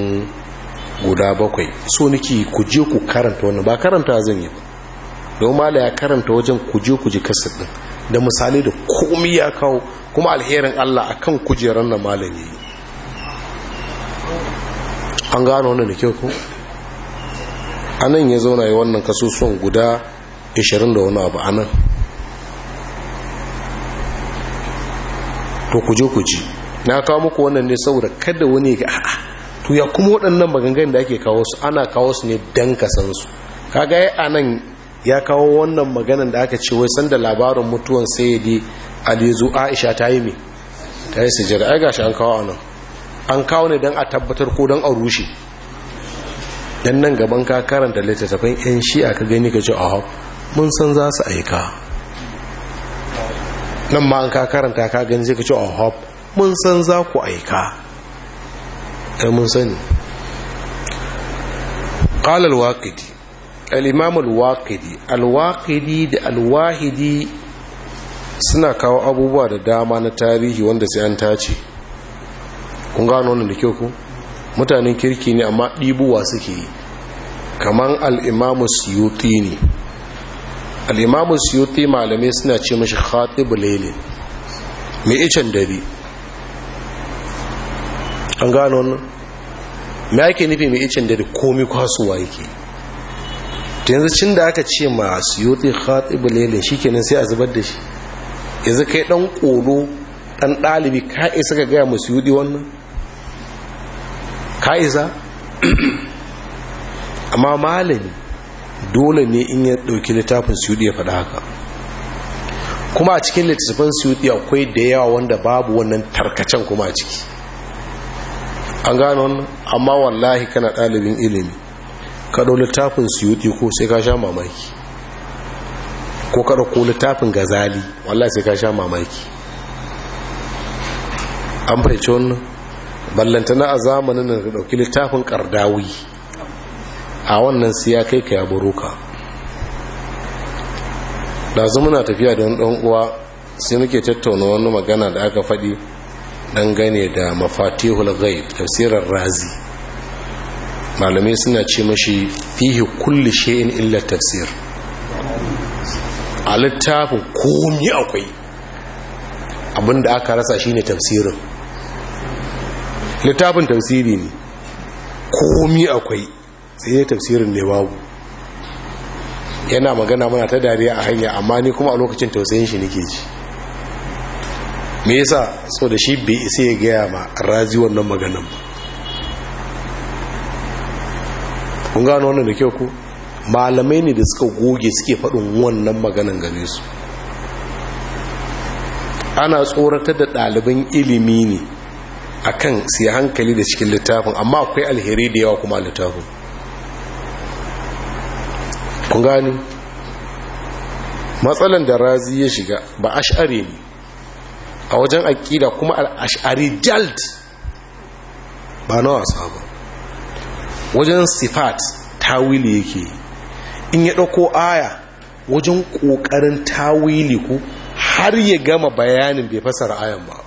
guda bakwai so niki ku je ku karanta wannan ba karanta zan yi ba don mala ya karanta wajen kuje kuje kasar din da misali da komai ya kawo kuma alherin Allah akan kujerar na malami an gano wannan da kyau ko a nan ya zauna yi wannan kasusuwan guda 20 da wani abu a nan to ku je ku kuje na kawo muku wannan ne saboda kada wani ga a'a to ya kuma waɗannan maganganun da ake kawo su ana kawo su ne dan ka san kaga ya nan ya kawo wannan maganan da aka ce wai san labarin mutuwan sayyidi alizu aisha ta yi mai ta yi sujada ai gashi an kawo a nan. an kawo ne don a tabbatar ko don a rushe Don nan gaban ka karanta littattafan 'yan shi'a ka gani ka ce a mun san za su aika nan ma an ka karanta ka gani zai ka ce a mun san za ku aika ai eh, mun sani qala al-waqidi al alwaƙidi da alwahidi suna kawo abubuwa da dama na tarihi wanda sai an tace kun gano wannan da kyau ku mutanen kirki ne amma ɗibuwa suke yi kaman al'imamu siyuti ne al'imamu siyuti malamai suna ce mashi khatibu lele mai icen dare an gano wannan mai ake nufi mai icen dare komi kwasuwa yake ta yanzu cin da aka ce ma siyuti khatibu lele shi kenan sai a zubar da shi yanzu kai ɗan ƙolo ɗan ɗalibi ka isa ka gaya masu yudi wannan kaiza (clears throat) amma malami dole ne in ya ɗauki littafin suɗi ya faɗa haka kuma a cikin littafin suɗi akwai da yawa wanda babu wannan tarkacen kuma a ciki an gano wannan amma wallahi kana ɗalibin ilimi ka ɗau littafin suɗi ko sai ka sha mamaki ko ka ɗauko littafin gazali wallahi sai ka sha mamaki an fahimci wannan ballantana a zamanin da ɗauki littafin ƙardawi a wannan siya kai ka ya buruka ɗazu muna tafiya da ɗan uwa sai muke tattauna wani magana da aka faɗi gane da mafatihul ghaib tafsirar razi malamai suna ce mashi fihi kulli shay'in illa tafsir a littafin komi akwai abinda aka rasa shine tafsirin littafin tafsiri ne komi akwai sai dai tafsirin ne babu yana magana mana ta dariya a hanya amma ni kuma a lokacin tausayin shi nake ji me yasa sau da shi bai isa ya gaya ma razi wannan maganan ba kun gano wannan da kyau ku malamai ne da suka goge suke faɗin wannan maganan gare su ana tsoratar da ɗaliban ilimi ne akan siya hankali da cikin littafin amma akwai alheri da yawa kuma littafin kun gani matsalan da razi ya shiga ba ash'ari ne a wajen aƙida kuma ashari jald ba na wasa ba wajen sifat tawili yake in ya ɗauko aya wajen ƙoƙarin tawili ku har ya gama bayanin bai fasara ayan ba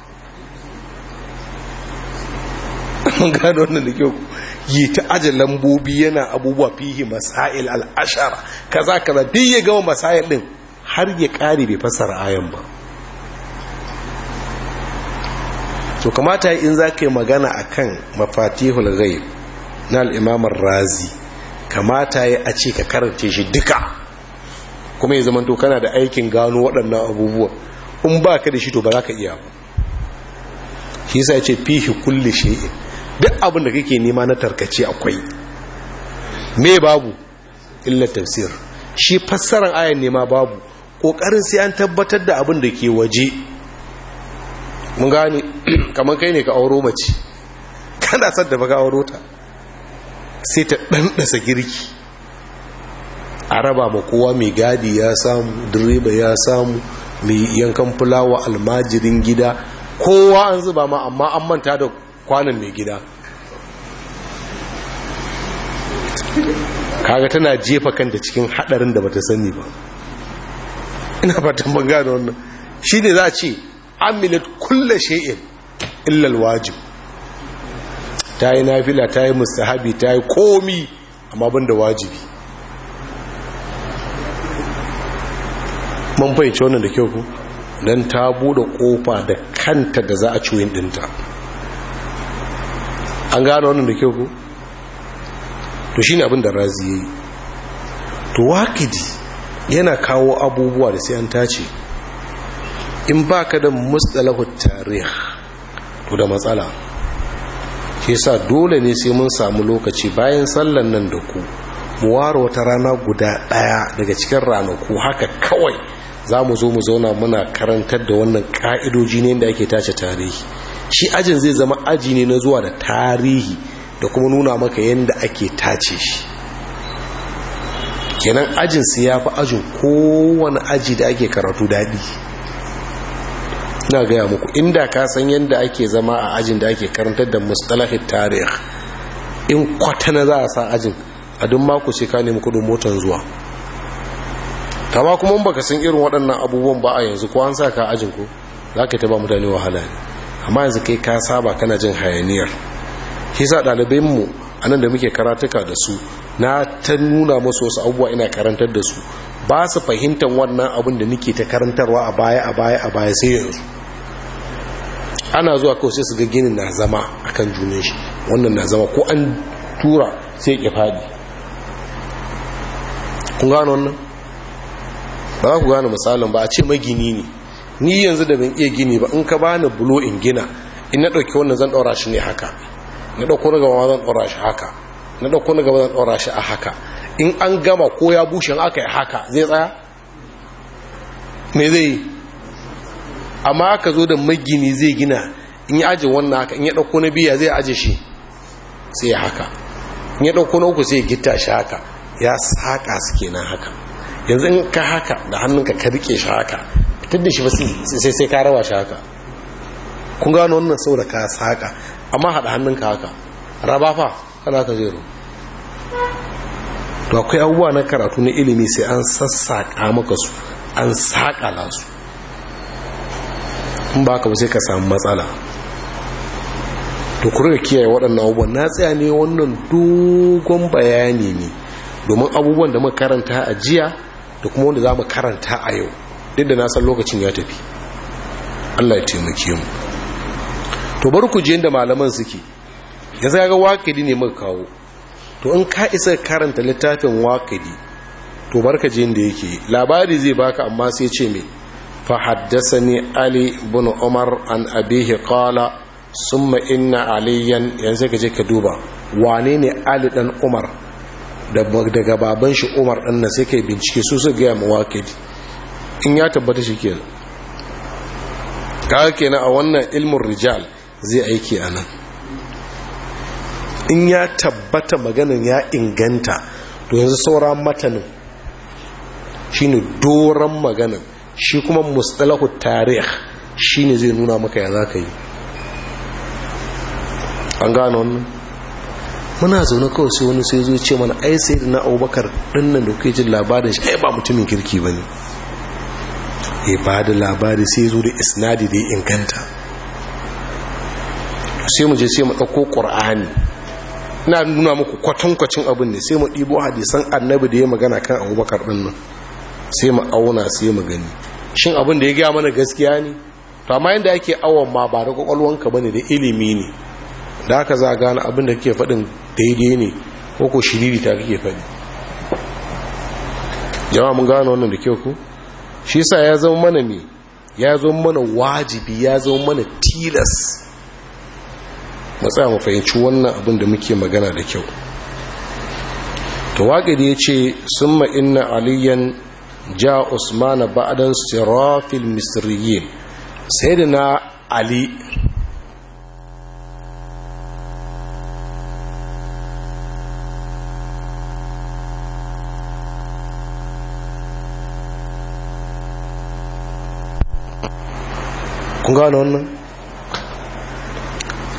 mun gano wannan da kyau yi ta aje lambobi yana abubuwa fihi masail al'ashara kaza kaza duk ya gama masail din har ya kare bai fasara ayan ba to kamata in za yi magana a kan mafatihul ghaib na al'imamar razi kamata ya a ce ka karance shi duka kuma ya zama to kana da aikin gano waɗannan abubuwa in ba ka da shi to ba za ka iya ba shi ya ce fihi kulle shi'in duk abin da kake nema na tarkace akwai me babu illa tafsir shi fassarar ayan nema babu kokarin sai an tabbatar da abin da ke waje mun gane (clears throat) kamar kai ne ka auro mace kana son da baka auro ta sai ta ɗanɗasa girki a raba ma kowa mai gadi ya samu direba ya samu mai yankan fulawa almajirin gida kowa an zuba ma amma an manta da kwanan mai gida kaga tana jefa kanta cikin hadarin da bata sani ba ina fatan ban gane wannan shine za a ce amilat kullu shay'in illa alwajib tayi nafila tayi mustahabi tayi komi amma banda wajibi mun fahimci wannan da kyau ku dan ta bude kofa da kanta da za a ci ciwon dinta an gano wannan da kyau ku to shine abin da razi yayi to wakidi yana kawo abubuwa da sai an tace in baka da mustalahut tarih to da matsala ke sa dole ne sai mun samu lokaci bayan sallan nan da ku mu ware wata rana guda daya daga cikin ranaku haka kawai za mu zo mu zauna muna karantar da wannan ka'idoji ne da ake tace tarihi shi ajin zai zama aji ne na zuwa da tarihi da kuma nuna maka yadda ake tace shi kenan ajin su ya fi ajin kowane aji da ake karatu daɗi na gaya muku inda ka san yadda ake zama a ajin da ake karantar da mustalahin tarih in kwatana za a sa ajin a duk mako sai ka nemi kudin motar zuwa kama kuma baka san irin waɗannan abubuwan ba a yanzu ko an sa ka ajin ko za ka taba mutane wahala ne amma yanzu kai ka saba kana jin hayaniyar kisa ɗalibanmu a nan da muke karatuka da su na ta nuna musu wasu abubuwa ina karantar da su ba su fahimtar wannan abin da nake ta karantarwa a baya a baya a baya sai yanzu ana zuwa kawai sai su ga ginin na zama a kan junin shi wannan na zama ko an tura sai ya fadi kun gano wannan ba ku gane misalin ba a ce magini ne ni yanzu da ban iya gini ba in ka bani bulo in gina in na ɗauki wannan zan ɗaura shi ne haka na ɗauko na gaba zan ɗaura shi haka na ɗauko na gaba zan ɗaura shi a haka in an gama ko ya bushe in aka yi haka zai tsaya me zai yi amma ka zo da magini zai gina in ya aje wannan haka in ya ɗauko na biya zai aje shi sai ya haka in ya ɗauko na uku sai ya gita shi haka ya saƙa su kenan haka yanzu in ka haka da hannunka ka rike shi haka fitar da shi ba sai sai ka rawa shi haka kun gano wannan sau da ka haka amma haɗa hannunka haka raba fa kana ka zero to akwai abubuwa na karatu na ilimi sai an sassaƙa maka su an saƙa su in ba ka ba sai ka samu matsala to kurga kiyaye waɗannan abubuwan na tsaya ne wannan dogon bayani ne domin abubuwan da muka karanta a jiya da kuma wanda za mu karanta a yau duk da na san lokacin ya tafi Allah ya taimake mu to bar ku je da malaman suke yanzu kaga waqidi ne muka kawo to in ka isa karanta littafin waqidi to barka je inda yake labari zai baka amma sai ce me fa haddathani ali ibn umar an abihi qala summa inna aliyan yanzu ka je ka duba wane ne ali dan umar daga baban shi umar din nan sai kai bincike su su ga mu in ya tabbata shi kenan kaga kenan a wannan ilmin rijal zai aiki a nan in ya tabbata maganin ya inganta to yanzu saura matanin shine doron maganin shi kuma mustalahu tarih shine zai nuna maka ya zaka yi an gano wannan muna zaune kawai sai wani sai zuwa ce mana ai sai na abubakar ɗin nan da kuke jin labarin shi ai ba mutumin kirki ba ne ya ba da labari sai zo da isnadi da ya inganta sai mu je sai mu ɗauko ƙur'ani na nuna muku kwatankwacin abin ne sai mu ɗibo hadisan annabi da ya magana kan abubakar ɗin nan sai mu auna sai mu gani shin abin da ya gaya mana gaskiya ne to amma yadda ake awon ma ba da kwakwalwanka ba ne da ilimi ne da aka za gane abin da ke faɗin daidai ne ko ko shiriri ta kake faɗi jama'a mun gane wannan da kyau ku shi sa ya zama mana me ya zama mana wajibi ya zama mana tilas matsaya mu fahimci wannan abin da muke magana da kyau ta waƙidi ya ce sun inna aliyan ja usmana ba'adan sirafil misriyin sai da na ali kun gano wannan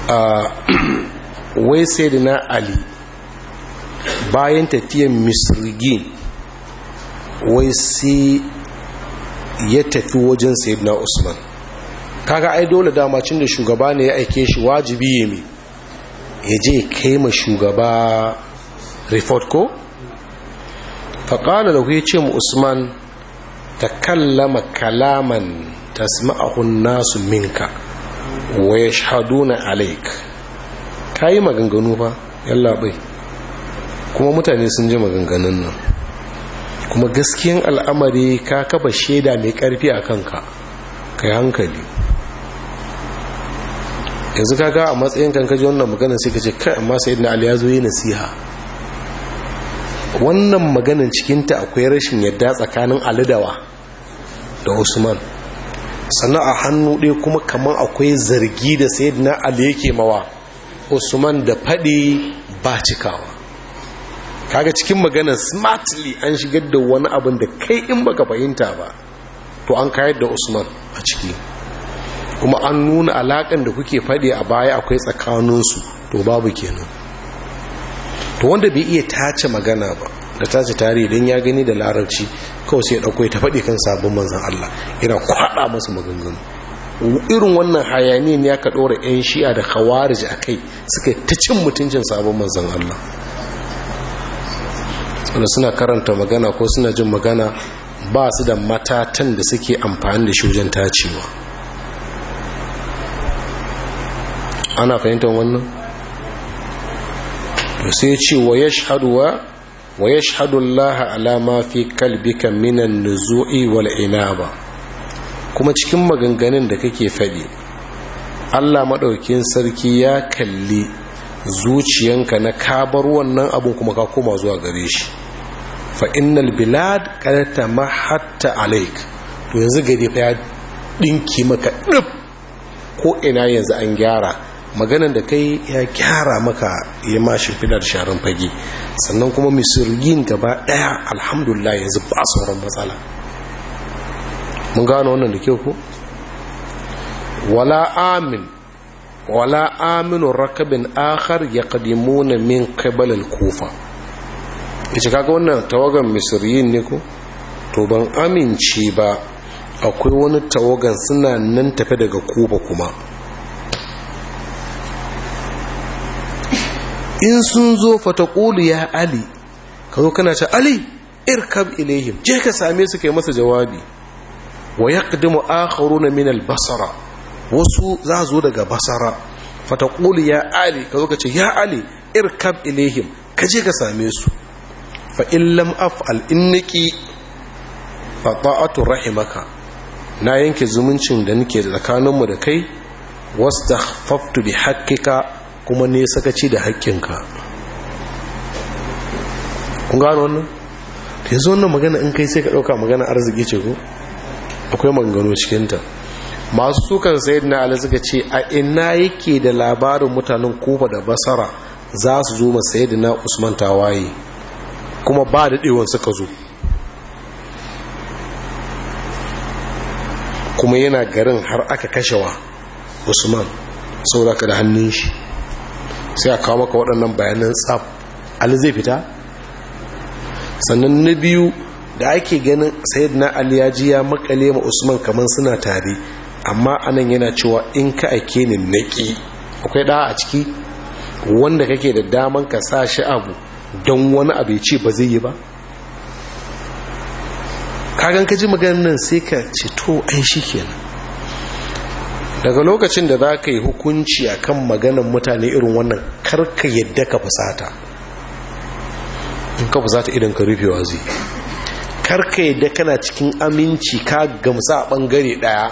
(clears throat) wai sai da na ali bayan tafiyan misirgin wai sai ya tafi wajen na usman kaga ai dole damacin da shugaba ne ya aike shi wajibi ya mi ya je kai ma shugaba report ko faƙala da ya ce ma usman ta kallama kalaman tasma'ahun nasu minka wa yashhaduna alaik kayi maganganu ba yalla bai kuma mutane sun ji maganganun nan kuma gaskiyan al'amari ka kafa shaida mai karfi a kanka kai hankali yanzu kaga a matsayin kan ji wannan maganin sai ka ce kai amma sayyidina ali ya zo yi nasiha wannan maganin cikinta akwai rashin yadda tsakanin alidawa da usman sannan a hannu ɗaya kuma kamar akwai zargi da na ali yake mawa usman da faɗi ba cikawa kaga cikin magana smartly an shigar da wani abin da kai in baka fahimta ba to an kayar da usman a ciki kuma an nuna alaƙan da kuke faɗi a baya akwai tsakaninsu to babu kenan to wanda bai iya tace magana ba da tace tarihi don ya gani da larabci kawai sai ya ɗauko ya faɗi kan sabon manzan Allah yana kwaɗa masu maganganu irin wannan hayani ne ka ɗora 'yan shi'a da khawarij a kai suka ta cin mutuncin sabon manzan Allah wanda suna karanta magana ko suna jin magana ba su da matatan da suke amfani da shujen tacewa ana fahimtar wannan sai ce wa shi wa wa الله على ما في قلبك من minan nuzu'i kuma cikin maganganun da kake faɗi Allah madaukin sarki ya kalli zuciyanka na kabar wannan abun kuma ka koma zuwa gare shi fa innal bilad ma hatta alayk to yanzu gari fa ya dinki maka dub ko ina yanzu an gyara maganan da kai ya gyara maka ya ma shimfidar sharan fage sannan kuma misirgin gaba daya alhamdulillah yanzu ba sauran matsala mun gano wannan da kyau ko wala amin wala aminu rakabin akhar ya kadimuna min qabal kofa kufa ita kaga wannan tawagan misriyin ne ko to ban amince ba akwai wani tawagan suna nan tafe daga koba kuma in sun zo fataƙulu ya ali ka zo kana ce ali irkab ilayhim je ka same su kai masa jawabi wa yaqdimu akharuna min al-basra wasu za zo daga basara fataƙulu ya ali ka zo ka ce ya ali irkab ilayhim ka je ka same su fa in lam af'al inniki fa ta'atu rahimaka na yanke zumuncin da nake tsakaninmu da kai wastaghfaftu bi haqqika kuma ne sakaci da haƙƙinka kun gano wannan ya zo wannan magana in kai sai ka ɗauka magana arziki ce ko akwai maganganu cikinta masu sukan sayid na ala suka ce a ina yake da labarin mutanen kofa da basara za su zo ma sayid na usman tawaye kuma ba da ɗewan suka zo kuma yana garin har aka kashewa usman ka da hannun shi sai a kawo maka waɗannan bayanan tsaf ali zai fita sannan na biyu da ake ganin sayid ali ya ji ya makale ma usman kamar suna tare amma anan yana cewa in ka ake ni naki akwai ɗaya a ciki wanda kake da daman ka sa shi abu don wani abu ya ce ba zai yi ba kagan ka ji maganin nan sai ka ce to ai shi kenan daga lokacin da za ka yi hukunci a kan maganin mutane irin wannan karka yadda ka fusata in ka fusata idan ka rufe wazi karka yadda kana cikin aminci ka gamsa a ɓangare ɗaya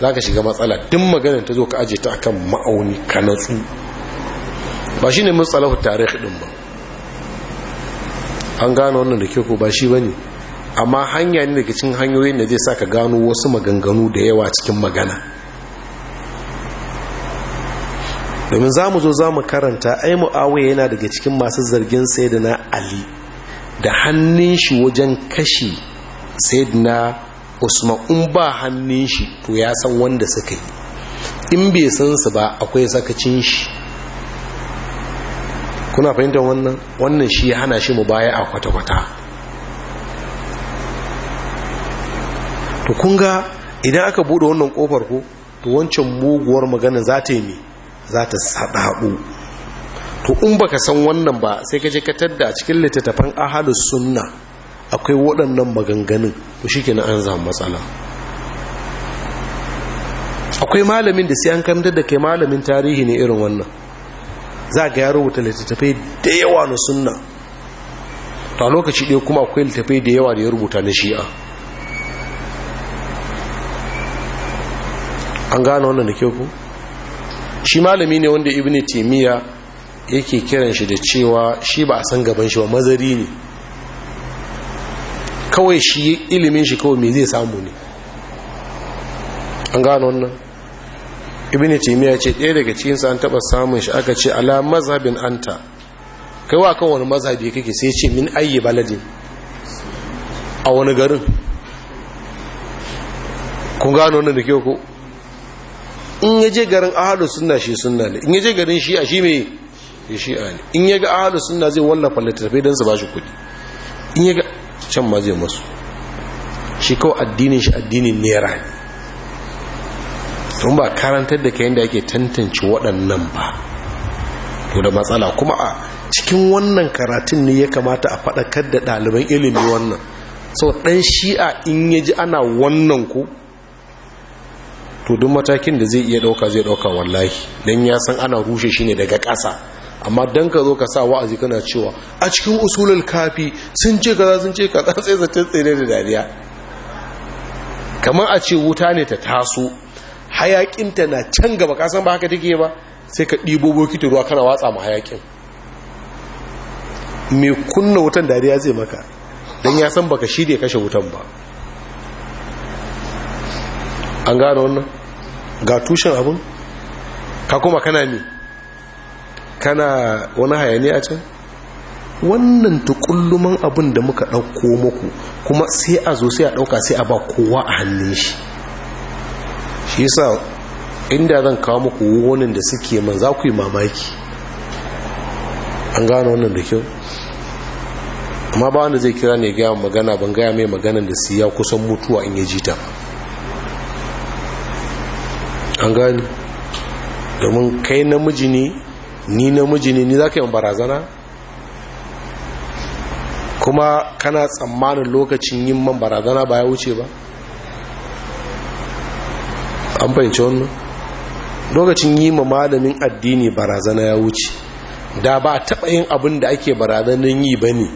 za ka shiga matsala din maganan ta zo ka aje ta kan ma'auni ka natsu ba shi ne matsalahu tarihi hudun ba an gano wannan da ke ko ba shi ba ne amma hanya ne daga cikin hanyoyin da zai sa ka gano wasu maganganu da yawa cikin magana domin za mu zo za mu karanta ai mu'awiyya yana daga cikin masu zargin sayyidina ali da hannun shi wajen kashi sayyidina usman in ba hannun shi to ya san wanda suka yi in bai san su ba akwai sakacin shi kuna fahimtar wannan wannan shi ya hana shi mu baya a kwata-kwata to kun ga idan aka bude wannan kofar ko to wancan muguwar magana za ta yi za ta saɗaɓo to in baka san wannan ba sai ka je ka tadda a cikin littattafan ahalus sunna akwai waɗannan maganganun to shikenan an zama matsala akwai malamin da sai an kamtar da kai malamin tarihi ne irin wannan za ga ya rubuta littattafai da yawa na sunna to a lokaci ɗaya kuma akwai littattafai da yawa da ya rubuta na shi'a an gane wannan da ke ku shi malami ne wanda ibn Timiya yake kiran shi da cewa shi ba a san gaban shi ba mazari ne kawai shi ilimin shi kawai me zai samu ne an gano wannan ibn taymiya ce ɗaya daga cikin sa an taba samun shi aka ce ala mazhabin anta kai wa kan wani mazhabi kake sai ce min ayyi baladin a wani garin kun gano wannan da ke ko in ya je garin ahalu sunna shi sunna ne in ya je garin shi'a shi mai a ne in ya ga ahalu sunna zai wallafa littattafai don su ba shi kuɗi in ya ga can ma zai masu shi kawai addinin shi addinin nera ne tun ba karantar da kayan da ake tantance waɗannan ba to da matsala kuma a cikin wannan karatun ne ya kamata a faɗakar da ɗaliban ilimi wannan sau ɗan shi'a in ya ji ana wannan ku to duk matakin da zai iya dauka zai dauka wallahi dan ya san ana rushe shi ne daga ƙasa amma dan ka zo ka sa wa'azi kana cewa a cikin usulul kafi sun ce kaza sun ce kaza (laughs) sai zace tsere da dariya kamar a ce wuta ne ta taso hayakinta na can gaba ka san ba haka take ba sai ka ɗibo bokiti ruwa kana watsa ma hayakin Me kunna wutan dariya zai maka don ya san baka shirya kashe wutan ba an gano wannan ga tushen abin ka kuma kana ne kana wani hayani a can wannan tukulluman abin da muka ɗauko muku kuma sai a zo sai a ɗauka sai a ba kowa a hannun shi shi yasa inda zan kawo muku wonin da suke man za ku yi mamaki an gano wannan da kyau amma ba wanda zai kira ne gaya magana ban gaya mai maganan da siya kusan mutuwa in ya jita ba an gani domin kai namiji ne ni namiji ne ni za ka yi barazana kuma kana tsammanin lokacin yin man barazana ba ya wuce ba an fahimci wannan lokacin yi ma malamin addini barazana ya wuce da ba a taɓa yin abin da ake barazanin yi ba ne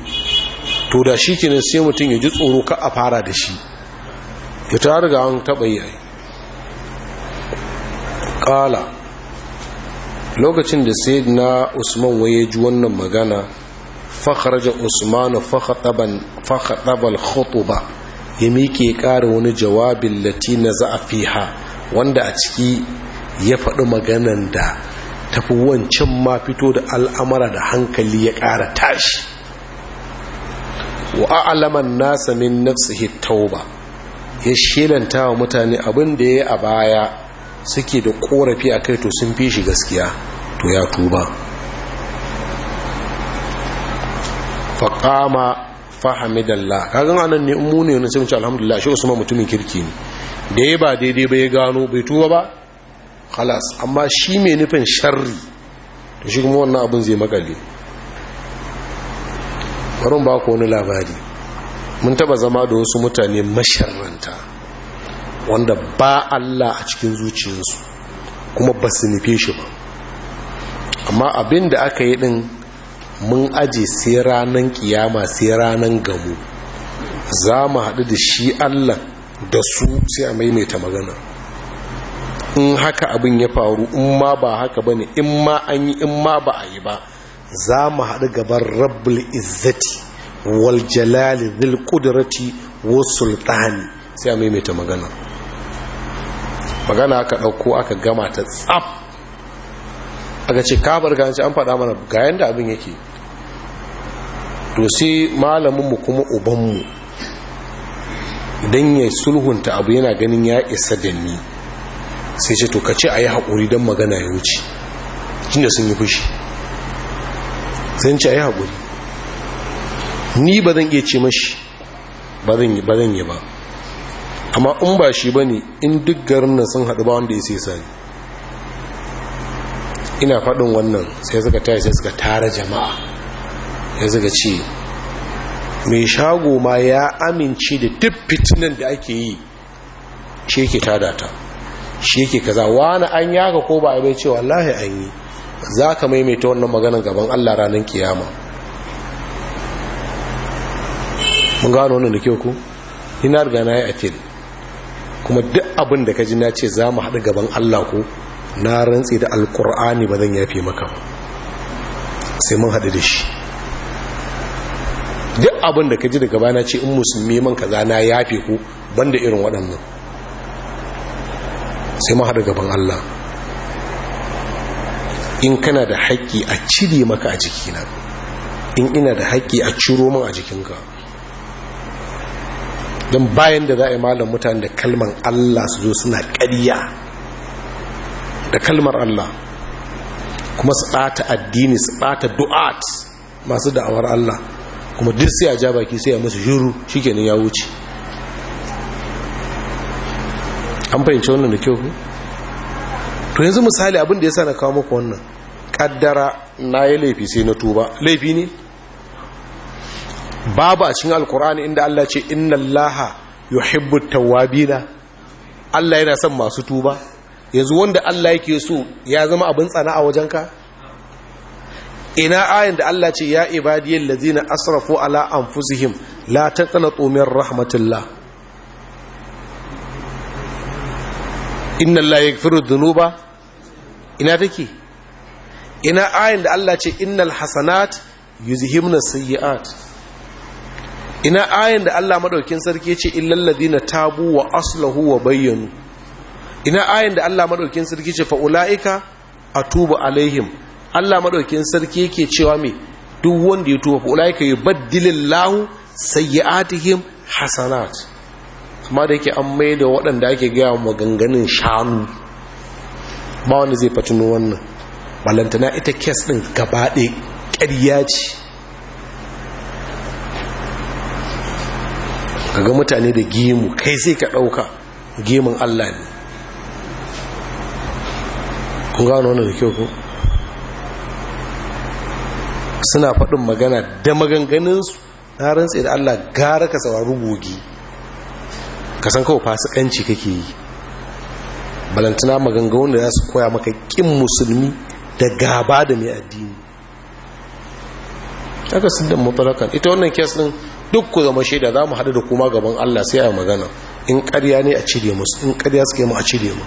to da shi kenan sai mutum ya ji tsoro ka a fara da shi ya ta riga an taɓa yi ƙala lokacin da na usman waye ji wannan magana fakharaja usmanu fakhatabal khutuba ya miƙe ƙara wani jawabin latina za a fiha wanda a ciki ya faɗi maganan da tafi wancan ma fito da al'amara da hankali ya ƙara tashi wa a'laman nasa min nafsihi tauba ya shelanta wa mutane abin da ya yi a baya suke da korafi a kai to sun fi shi gaskiya to ya tuba faƙama fahamidallah kagan anan ne in ne sai ce alhamdulillah shi usman mutumin kirki ne da ya ba daidai ba ya gano bai tuba ba halas amma shi mai nufin sharri to shi kuma wannan abin zai makale barin ba ku wani labari mun taba zama da wasu mutane masharranta wanda ba Allah a cikin zuciyarsu kuma ba su nufe shi ba amma abin da aka yi din mun aje sai ranar kiyama sai ranar gamu za mu haɗu da shi Allah da su sai a maimaita magana in haka abin ya faru in ma ba haka ba ne in ma an yi in ma ba a yi ba za mu haɗu gaban rabbul izzati wal jalali zil kudurati wa sultani sai a maimaita magana magana aka ɗauko aka gama ta tsaf aka ce kabar ganci an fada mana ga yadda abin yake to sai malaminmu kuma ubanmu Idan ya sulhunta abu yana ganin ya isa da ni sai ce to ka ce a yi haƙuri don magana ya wuce da sun yi fushi sai ce a yi haƙuri ni ba zan iya ce mashi ba zan yi ba amma in ba shi ba ne in duk garin nan sun haɗu ba wanda ya sai sani ina faɗin wannan sai suka taya sai suka tara jama'a ya suka ce mai shago ma ya amince da duk fitinan da ake yi shi yake tada ta shi yake kaza wani an yaka ko ba a bai ce wallahi an yi za ka maimaita wannan maganin gaban allah ranar kiyama mun gano wannan da kyau ku ina riga na yi a fili kuma duk abin da ka ji na ce za mu haɗu gaban Allah ko na rantsi da alkur'ani ba zan yafe maka sai mun haɗu da shi duk abin da ka ji daga bana ce in musulmi man kaza na yafe ku banda irin waɗannan sai mun haɗu gaban Allah in kana da haƙƙi a cire maka a jikina in ina da haƙƙi a ciro min a jikinka don bayan da za a yi malam mutane da kalmar Allah su zo suna ƙarya da kalmar Allah kuma su ɓata addini su ɓata du'at masu da'awar Allah kuma duk sai a ja baki sai a musu shiru ya wuce an fahimci wannan da kyau to yanzu misali abin ya sa na kawo muku wannan kaddara na yi laifi sai na tuba laifi ne babu a cikin alkur'ani inda Allah ce inna allaha yuhibbu tawwabina Allah yana son masu tuba yanzu wanda Allah yake so ya zama abin tsana a wajenka ina ayin da Allah ce ya ibadiyal ladina asrafu ala anfusihim la taqnatu min rahmatillah inna allaha yaghfiru dhunuba ina take ina ayin da Allah ce innal hasanat yuzhibna sayiat ina ayin da Allah madaukin sarki ya ce illal ladina tabu wa aslahu wa bayyanu ina ayin da Allah madaukin sarki ce fa ulaika atubu alaihim Allah madaukin sarki yake cewa me duk wanda ya tuba fa ulaika yubaddilillahu sayyi'atihim hasanat kuma da yake an mai da waɗanda ake gaya maganganun shanu ba wanda zai fatinu wannan ballantana ita kes ɗin gaba ɗaya ƙarya ce kaga mutane da gemu kai sai ka ɗauka gemun allah ne kun gano wannan da kyau ko suna faɗin magana da maganganunsu na rantse da allah gara ka saurari gogi ka san kawai fasikanci kake yi balantana maganganun da ya su koya maka ƙin musulmi da gaba da mai addini aka sun da mutarakan ita wannan kes duk ku zama shaida za mu haɗu da kuma gaban Allah sai a magana in ƙarya ne a cire musu in ƙarya suke mu a cire mu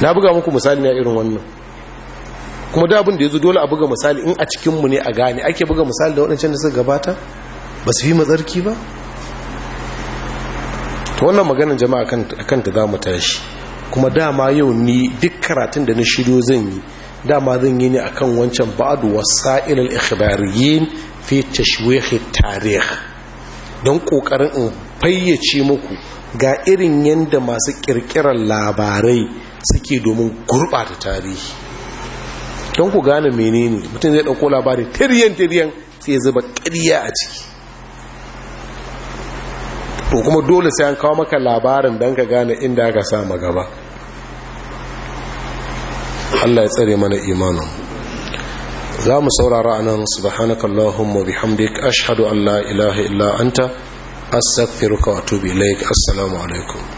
na buga muku misali na irin wannan kuma da abin da ya zo dole a buga misali in a cikin mu ne a gane ake buga misali da waɗancan da suka gabata ba su fi mazarki ba ta wannan maganin jama'a kan ta za tashi kuma dama yau ni duk karatun da na shiryo zan yi dama zan yi ne akan wancan ba'adu wasa'ilal ikhbariyin fi tashwihi tarih don ƙoƙarin in fayyace muku ga irin yadda masu ƙirƙirar labarai suke domin gurɓata tarihi don ku gane menene mutum zai ɗauko labari tiryan-tiryan sai ya zuba ƙarya a ciki ko kuma dole sai an kawo maka labarin don ka gane inda aka sa gaba Allah ya tsare mana imanin za mu saurara a nan subhanakallahumma bihamdik ashadu an la ilaha illa anta astaghfiruka wa atubu ilaik assalamu alaikum